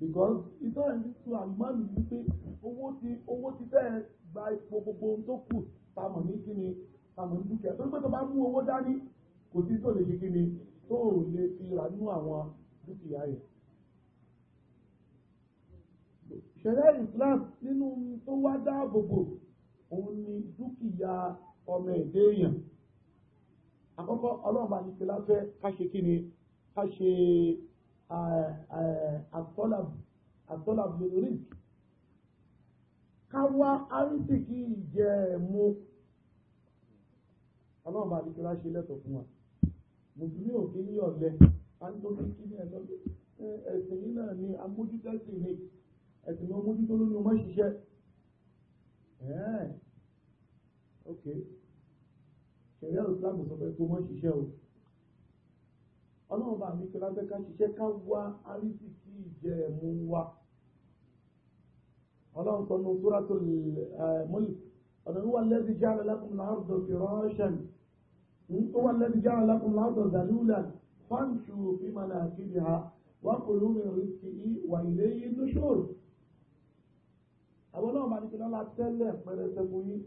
because ìtọ́ ìlú almalu wípé owó ti owó ti fẹ́ gba ipò gbogbo ohun tó kù tamọ̀ ní kíni tamọ̀ ní dúkìá tó ń pẹ́ tó bá mú owó dání kò sí tó lè ṣe kíni tó lè fi rà nínú àwọn dúkìá yẹn ṣẹlẹ̀ Islam nínú tó wá dáàbòbò òun ni dúkìá ọmọ ẹ̀dẹ́ èèyàn àkọ́kọ́ ọlọ́run àti ìpìlá fẹ́ káṣe kí ni káṣe àtọ́làbù rí káwá àríṣìkí ìjẹ mú ọlọ́run àti ìpìlá ṣe lẹ́tọ̀ fún wa mùsùlùmí ò kí ní ọ̀lẹ a tó kí ní ẹ̀lọ́gbẹ̀ ẹ̀sìn náà ni amójútẹ́sìn ni ẹ̀sìn mọ́ mójútó lórí ọmọ ṣiṣẹ́ ẹ̀ẹ́n ok ṣẹ̀rẹ́ ìsìlámù sọ pé kó mọ́ ṣiṣẹ́ o ọlọ́run bá mi kẹlá fẹ́ ká ṣiṣẹ́ ká wá àrísìkí ìjẹ ẹ̀mú wa ọlọ́run sọ nù Suratul Mulk ọ̀dọ̀ wíwá lẹ́sìn jẹ́ àrẹ lakum al-arda firashan wíwá lẹ́sìn jẹ́ àrẹ lakum al-arda zalulan famshu fi manakibiha wa kulu min rizqihi wa ilayhi àwọn náà máa ní kíni ọlá tẹ́lẹ̀ pẹrẹsẹ fún yín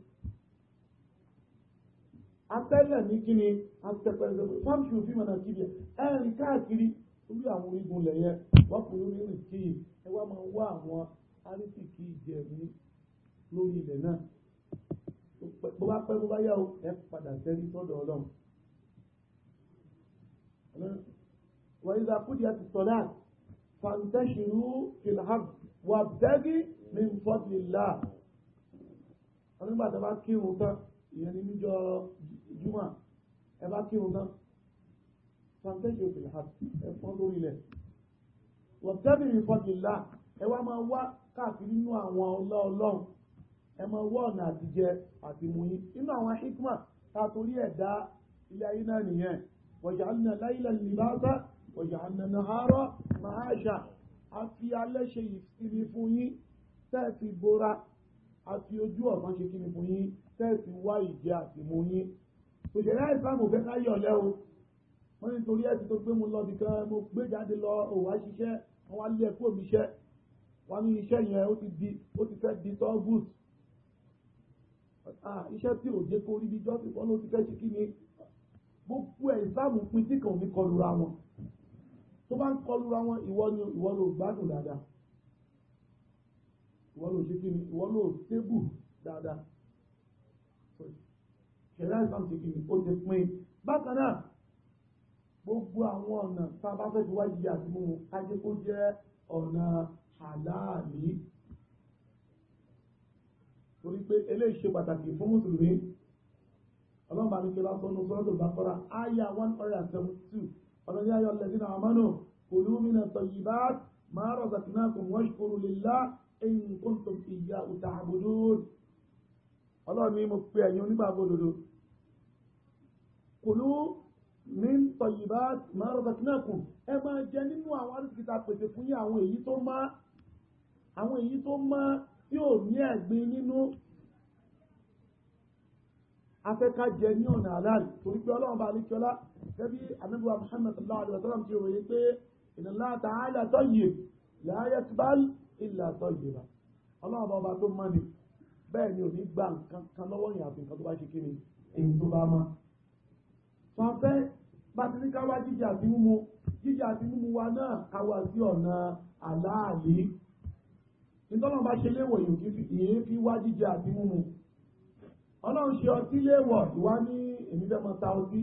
atẹ́lẹ̀ ní kíni atẹ́ pẹrẹsẹ fún yín fáńtì òfin mọ̀nà kíbi ẹ̀ ń káàkiri lórí àwọn orígun lẹ̀yẹ wọ́n kò lórí rìn kí ẹ wá máa wá àwọn arísìkì ìjẹ̀mí lórí ilẹ̀ náà bó bá pẹ́ bó bá yá o ẹ padà sẹ́ni sọ́dọ̀ ọlọ́run wọ́n yíra kúdìá ti sọ̀dá fàǹtẹ́sì rú kìlá wàbẹ́gì min fadlillah wọn nígbà tó bá kírun tán ìyẹn ní níjọ́ júmọ̀ ẹ bá kírun tán sàǹtẹ́jì òfin ẹ fọ́n lórí ilẹ̀ wọ̀tẹ́bì min fadlillah ẹ wá máa wá káàkiri nínú àwọn ọlọ́ ọlọ́run ẹ máa wá ọ̀nà àtijẹ àti muyín nínú àwọn hikma ta torí ẹ̀ dá ilé ayé náà nìyẹn waj'alna layla libasa waj'alna nahara ma'asha a fi alẹ́ ṣe ìsinmi fún yín tẹ́ẹ̀fì bora àti ojú ọ̀sán ṣe kí ni fún yín tẹ́ẹ̀fì wá ìjẹ àti mú yín òṣèré ìsàmù fẹ́ ká yọ̀ lẹ́wọ̀ wọ́n ní torí ẹ̀sìn tó gbé mu lọ nìkan mo gbé jáde lọ òwá ṣiṣẹ́ wọ́n wá lé ẹ̀kú òmìṣẹ́ wọ́n ní iṣẹ́ yẹn ó ti di ó ti fẹ́ di tọ́gùt ah, iṣẹ́ tí ò jẹ́ kó rí bí jọ́sìn fọ́n ló ti fẹ́ ṣe kí ni gbogbo ẹ̀ ìsàmù pin tí kàn ní kọlura wọn tó bá ń kọlura wọn ìwọ ni ìwọ ló gbádùn dáadáa ìwọ́n ló ṣe kí ni ìwọ́n ló tébù dáadáa ṣẹ̀dá ìsàn ti kí ni ó ti pín bákan náà gbogbo àwọn ọ̀nà tá a bá fẹ́ fi wáyé àti mú un kájé kó jẹ́ ọ̀nà àláàlì torí pé eléyìí ṣe pàtàkì fún mùsùlùmí ọlọ́mọba ní kílá sọ́nù sọ́dọ̀ bá kọ́ra àyà one hundred and seventy two ọlọ́ni ayọ̀ lẹ́sìn àwọn ọmọ kò lómìnà tọ̀yìbá máa rọ̀ sàkínà kò wọ́n lè lá in kuntum iyyahu ta'budun ọlọ́run ní mo pe ẹ̀yin onígbàgbọ́ òdodo kulu min tayyibat ma razaqnakum ẹ máa jẹ nínú àwọn arúgbó ta pèsè fún yín àwọn èyí tó má àwọn èyí tó má tí ò ní ẹ̀gbin nínú afẹ́ká jẹ ní ọ̀nà àlàyé torí pé ọlọ́run bá alikiola gẹ́bí anábíwá Muhammad sallallahu alaihi wa sallam ti ròyìn pé inna Allah ta'ala tayyib la ìlà àtọ̀ ìlera ọlọ́run bá ọba tó mọ́ ni bẹ́ẹ̀ ni ò ní gba nǹkan kan lọ́wọ́ yẹn àfi nǹkan tó bá ṣe kí ni èyí tó bá mọ́ sọ fẹ́ bá ti ní ká wá jíjà àti mímu jíjà àti mímu wa náà ká wá sí ọ̀nà àláàlì nítorí wọn bá ṣe léwọ̀ yòókì fi èé fi wá jíjà àti mímu ọlọ́run ṣe ọtí léwọ̀ ìwá ní èmi fẹ́ mọ ta ọtí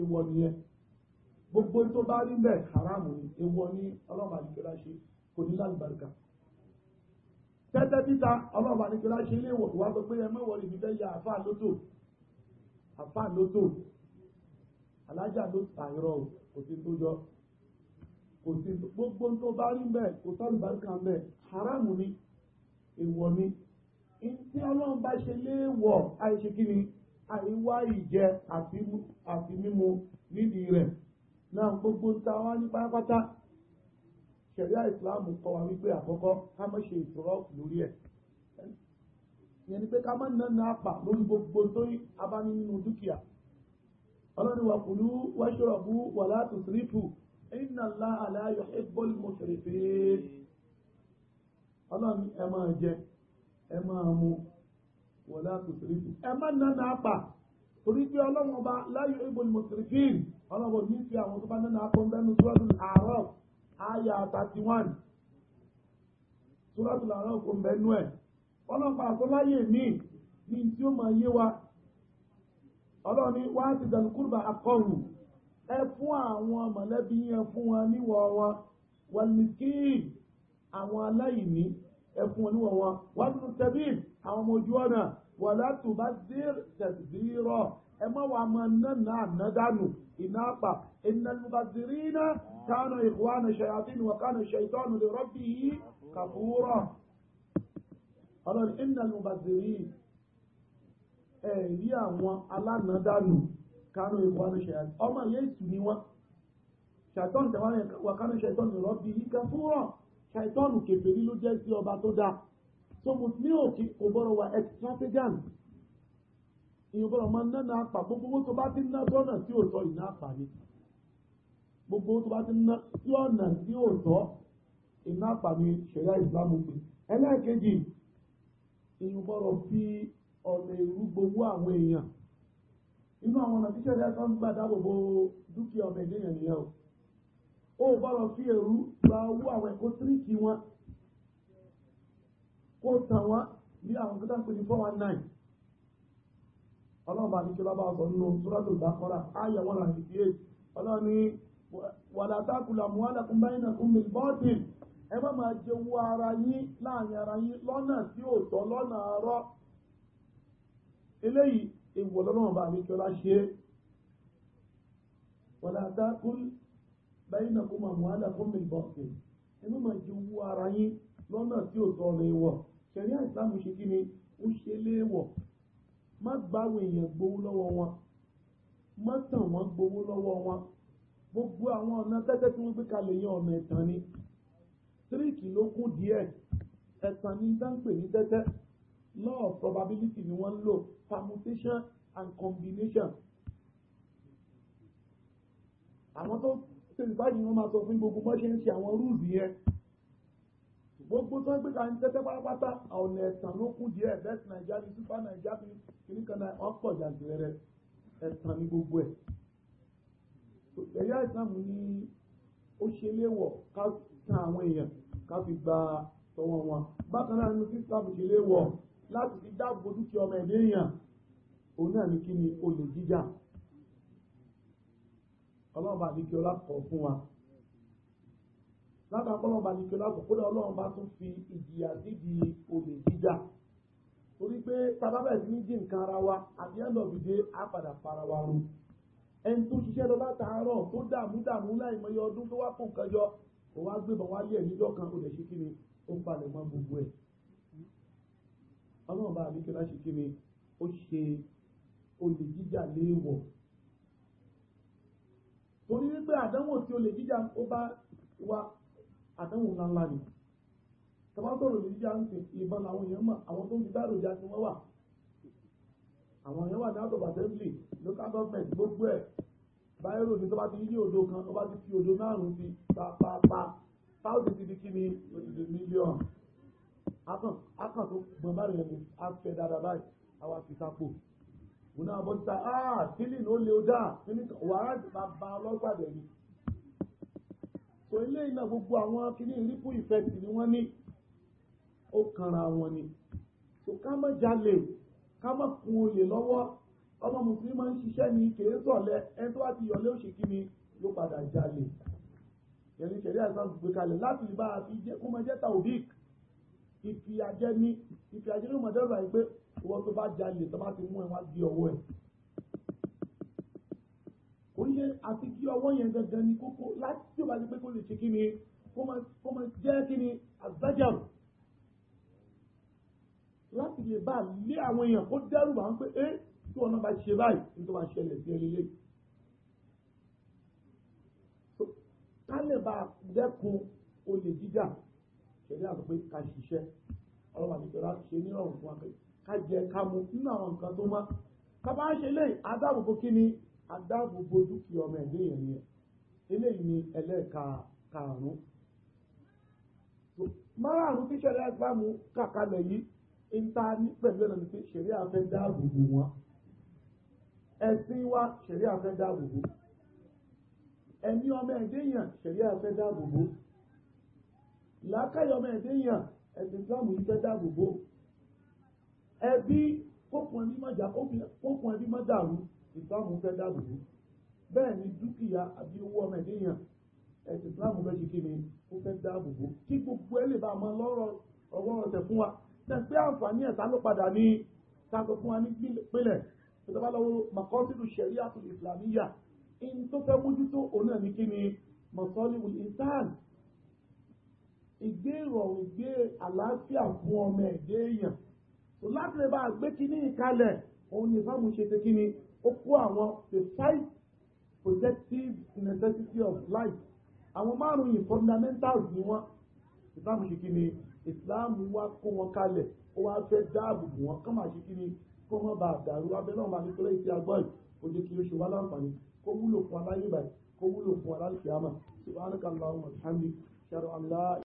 èwọ̀ nìyẹn gbogbo tó bá rí bẹ́ẹ̀ haramu ni èwọ̀ ni ọlọ́run àdìgbẹ́lá ṣe kò ní lálùbáríkà tẹ́tẹ́ títa ọlọ́ọ̀bà ní kí láṣẹ ilé ìwòkú wá sọ pé ya àfáà lótò àfáà lótò alájà ló kò gbogbo tó bá rí mbẹ kò sọ àlùbáríkà mbẹ haramu ni èèwọ̀ ni ntí ọlọ́run ṣe léèwọ̀ àìṣe kí ni àìwá ìjẹ àti mímu gbogbo ń ta wá ní ṣẹ̀ríà ìsìláàmù kọ́ wa wípé àkọ́kọ́ ká má ṣe ìfúrọ́ọ̀kù lórí ẹ̀ ìyẹn ni pé ká má nánà apà lórí gbogbo tó abáni nínú dúkìá ọlọ́run wa kùlú wáṣọ́rọ̀bù wà látò sírípù inna Allaha la yuhibbul musrifin ọlọ́run ẹ máa jẹ ẹ máa mu wà látò sírípù ẹ má nánà apà torí pé ọlọ́run ọba la yuhibbul musrifin ọlọ́run ní fi àwọn tó bá nánà apọ̀ ń bẹ́nu àyà thirty one suratul A'raf kò mẹ́nu ẹ̀ ọlọ́pàá àtọ́láyè míì ní tí ó máa yé wa ọlọ́run ní wá ti dànù kúrúbà akọ́rù ẹ fún àwọn mọ̀lẹ́bí yẹn fún wọn níwọ̀ wọn wàlmìkíì àwọn aláìní ẹ fún wọn níwọ̀ wọn wàlmù tẹ̀bí àwọn ọmọ ojú ọ̀nà wàlátù bá dír ẹ má wàá máa nánà ànádànù ìnáàpà ìnàlùbàdìrínà كانوا إخوان شياطين وكان الشيطان لربه كفورا قال إن المبذرين ẹ̀rí àwọn alánàdánù kánú ìwọ́nú ṣẹ̀yàtọ̀ ọmọ yéésù ni wọ́n ṣàìtọ́nù tẹ̀wọ́n wà kánú ṣàìtọ́nù rọ́bì yìí kan fúnrọ̀ ṣàìtọ́nù kèfèrí ló jẹ́ sí ọba tó dáa so mo ní òkè kò bọ́rọ̀ extravagant ìyẹn máa ń nánà apà tó bá ti ná gbogbo tó bá ti ná sí ọ̀nà tí ò tọ́ iná àpàmì ṣẹ̀dá ìsìlámù pé ẹlẹ́ẹ̀kejì ìyún bọ́rọ̀ fi ọ̀nà ìlú gbowó àwọn èèyàn inú àwọn ọ̀nà tí ṣẹ̀dá ìsìlámù gbà dáàbòbò dúkìá ọmọ ẹ̀dẹ́ yẹn nìyẹn o ó bọ́rọ̀ fi èrú gba owó àwọn ẹ̀kọ́ tíríkì wọn kó tàn wọn ní àwọn kí wọ́n ní four one nine ọlọ́run bá ní kí lọ́ba ọ̀sán nínú Suratul Baqara áyà one ninety eight ọlọ́run ní wàlá tákùlà mùwálà kún báyìí nà kún bíi bọ́ọ̀tì ẹ má máa jẹ owó ara yín láàrin ara yín lọ́nà tí ò tọ́ lọ́nà àárọ̀ eléyìí èèwọ̀ lọ́nà bá mi kíọ́lá ṣe é wàlá tákùlà báyìí nà kún mùwálà kún bíi bọ́ọ̀tì ẹ má máa jẹ owó ara yín lọ́nà tí ò tọ́ rẹ̀ wọ̀ ṣẹ̀rí àìsàn ṣe kí ni ó ṣe léèwọ̀ má gbáwò èèyàn gbowó lọ́wọ́ wọn má tàn wọ́n gbowó lọ́wọ́ wọn gbogbo àwọn ọ̀nà tẹ́tẹ́ tí wọ́n gbé kalẹ̀ yẹn ọ̀nà ẹ̀tàn ni tíríkì ló kún díẹ̀ ẹ̀tàn ni dáńpẹ̀ ní tẹ́tẹ́ law of probability ni wọ́n ń lò permutation and combination. àwọn tó ṣe ìbáyìí wọn máa sọ fún gbogbo bó ṣe ń ṣe àwọn rules yẹn gbogbo tó ń gbé kalẹ̀ ní tẹ́tẹ́ pátápátá ọ̀nà ẹ̀tàn ló kún díẹ̀ best Nigeria ni super Nigeria. ni kìnnìkan náà ọ̀pọ̀ jàǹdùrẹ́rẹ́ ẹ̀tàn ni gbogbo ẹ̀ ṣẹ̀ríà ìsìlámù ní ó ṣe léwọ̀ ká tan àwọn èèyàn ká fi gba tọwọ́ wọn bákan náà nínú tí ìsìlámù ṣe léwọ̀ láti fi dáàbò dúkìá ọmọ ẹ̀dẹ́ èèyàn òun náà ní kí ni olè jíjà ọlọ́run bá ní kí ọlá kọ̀ fún wa látàkọ́ ọlọ́run bá ní kí ọlá kọ̀ kódà ọlọ́run bá tún fi ìjìyà síbi olè jíjà torí pé tàbá bẹ̀rẹ̀ sí ní jí nǹkan ara wa àti end of the á padà para wa run. ẹni tó ṣiṣẹ́ lọ látàárọ̀ tó dààmú dààmú láìmọye ọdún tó wá kó nǹkan yọ kó wá gbébọn wá yẹ níjọ́ kan ó lè ṣe kí ni ó ń palẹ̀ mọ́ gbogbo ẹ̀ ọlọ́run bá kí olè jíjà léèwọ̀ torí wípé àdánwò tí olè jíjà ó bá wa àdánwò ńláńlá ni olè jíjà ń sìn èèyàn mọ̀ àwọn tó ń fi dárò wà àwọn èèyàn local government gbogbo ẹ̀ báyìí ní tó bá ti ní odò kan tó bá ti fi odò márùn-ún sí pàápàá táwọn ti di kí ni odidi mílíọ̀nù akàn akàn tó gbọ̀n bá rẹ̀ ní afẹ́ dáadáa báyìí àwa fi sápò òun ah, náà bọ́ síta áà kílì ní ó lè dá kíní wàá bá ba ọlọ́gbàdẹ ni tò ilé iná gbogbo àwọn kíní rípù ìfẹ́sì ni wọ́n ní ó kanra wọn ni tò ká má jalè ká má kun olè lọ́wọ́ ọmọ mùsùlùmí máa ń ṣiṣẹ́ ni kèé sọ̀lẹ̀ ẹni tó bá ti yọlé òṣè kí ni ló padà jalè ẹni ṣẹ̀rí àìsàn gbé kalẹ̀ láti lè bá a kó máa jẹ́ taobik ìfìyàjẹ ni ìfìyàjẹ ní mọ̀dẹ́rù àìpé ìwọ tó bá jalè tó bá ti mú ẹ wá di ọwọ́ ẹ̀ oye àti kí ọwọ́ yẹn gangan ni kókó láti tí o bá ti pé kó lè ṣe kí ni kó máa jẹ́ kí ni àgbájáwò láti lè bá lé àwọn èèyàn kó dẹ́rù bá ń pé ẹ́ tí wọn náà bá ṣe báyìí nítorí wọn ṣẹlẹ̀ sí eré kálẹ̀ bá dẹ́kun olè jíjà ṣẹlẹ̀ àti pé ká ṣiṣẹ́ ọlọ́wà nìjọba ṣe nírọ̀rùn fún wa pé ká jẹ ká mu nínú àwọn nǹkan tó má ká bá ṣe lẹ́yìn adáàbòbò kí ni adáàbòbò dúkìá ọmọ ẹ̀dẹ́ yẹn ni eléyìí ni ẹlẹ́ẹ̀ka karùn-ún márààrún tí ṣẹlẹ̀ àgbà mú kàkálẹ̀ yìí ń ta ní pẹ̀lú ẹ̀rọ ní pé ṣẹlẹ̀ àfẹ́ dáàbòbò wọn ẹ̀sìn wa ṣẹ̀rí àfẹ́ dáàbòbò ẹ̀mí ọmọ ẹ̀dẹ́yàn ṣẹ̀rí àfẹ́ dáàbòbò làákàyọ̀ ọmọ ẹ̀dẹ́yàn ẹ̀sìn Islam yìí fẹ́ dáàbòbò ẹbí kókùn ẹbí mọ́jà kókùn ẹbí mọ́dàrú Islam fẹ́ dáàbòbò bẹ́ẹ̀ ni dúkìá àbí owó ọmọ ẹ̀dẹ́yàn ẹ̀sìn Islam fẹ́ ṣe kí ni ó fẹ́ dáàbòbò kí gbogbo ẹ lè bá ọmọ lọ́rọ̀ ọwọ́ ọ̀sẹ̀ fún wa tẹ̀ pé àǹfààní ẹ̀ta ló padà ní sáko fún wa ní pínlẹ̀ tọ́lá lọ́wọ́ makọ́sílù sẹ̀ríà tó ìsìlámíyà in tó fẹ́ mójútó òun náà ní kí ni mọ̀sọ́líwù ìsán ìgbé ìrọ̀rùn ìgbé àlàáfíà fún ọmọ ẹ̀dẹ́ èèyàn tó láti lè bá gbé kíní ìkalẹ̀ òun ni ìfàmù ṣe ṣe kíni ó kó àwọn the five protective necessity of life àwọn márùn-ún yìí fundamentals ni wọ́n ìfàmù ṣe kíni ìsìlámù wá kó wọn kalẹ̀ ó wá fẹ́ dáàbò wọn kọ́ máa ṣe kíni kó mọ́ bá àdàrú abẹ́lẹ́ ọ̀ma ní pẹ́lẹ́ ìfẹ́ agbọ́n kó jẹ́ kí ó ṣe wá láǹfààní kó wúlò fún aláyé báyìí kó wúlò fún aláìsí àmà subhanaka allahumma wa bihamdik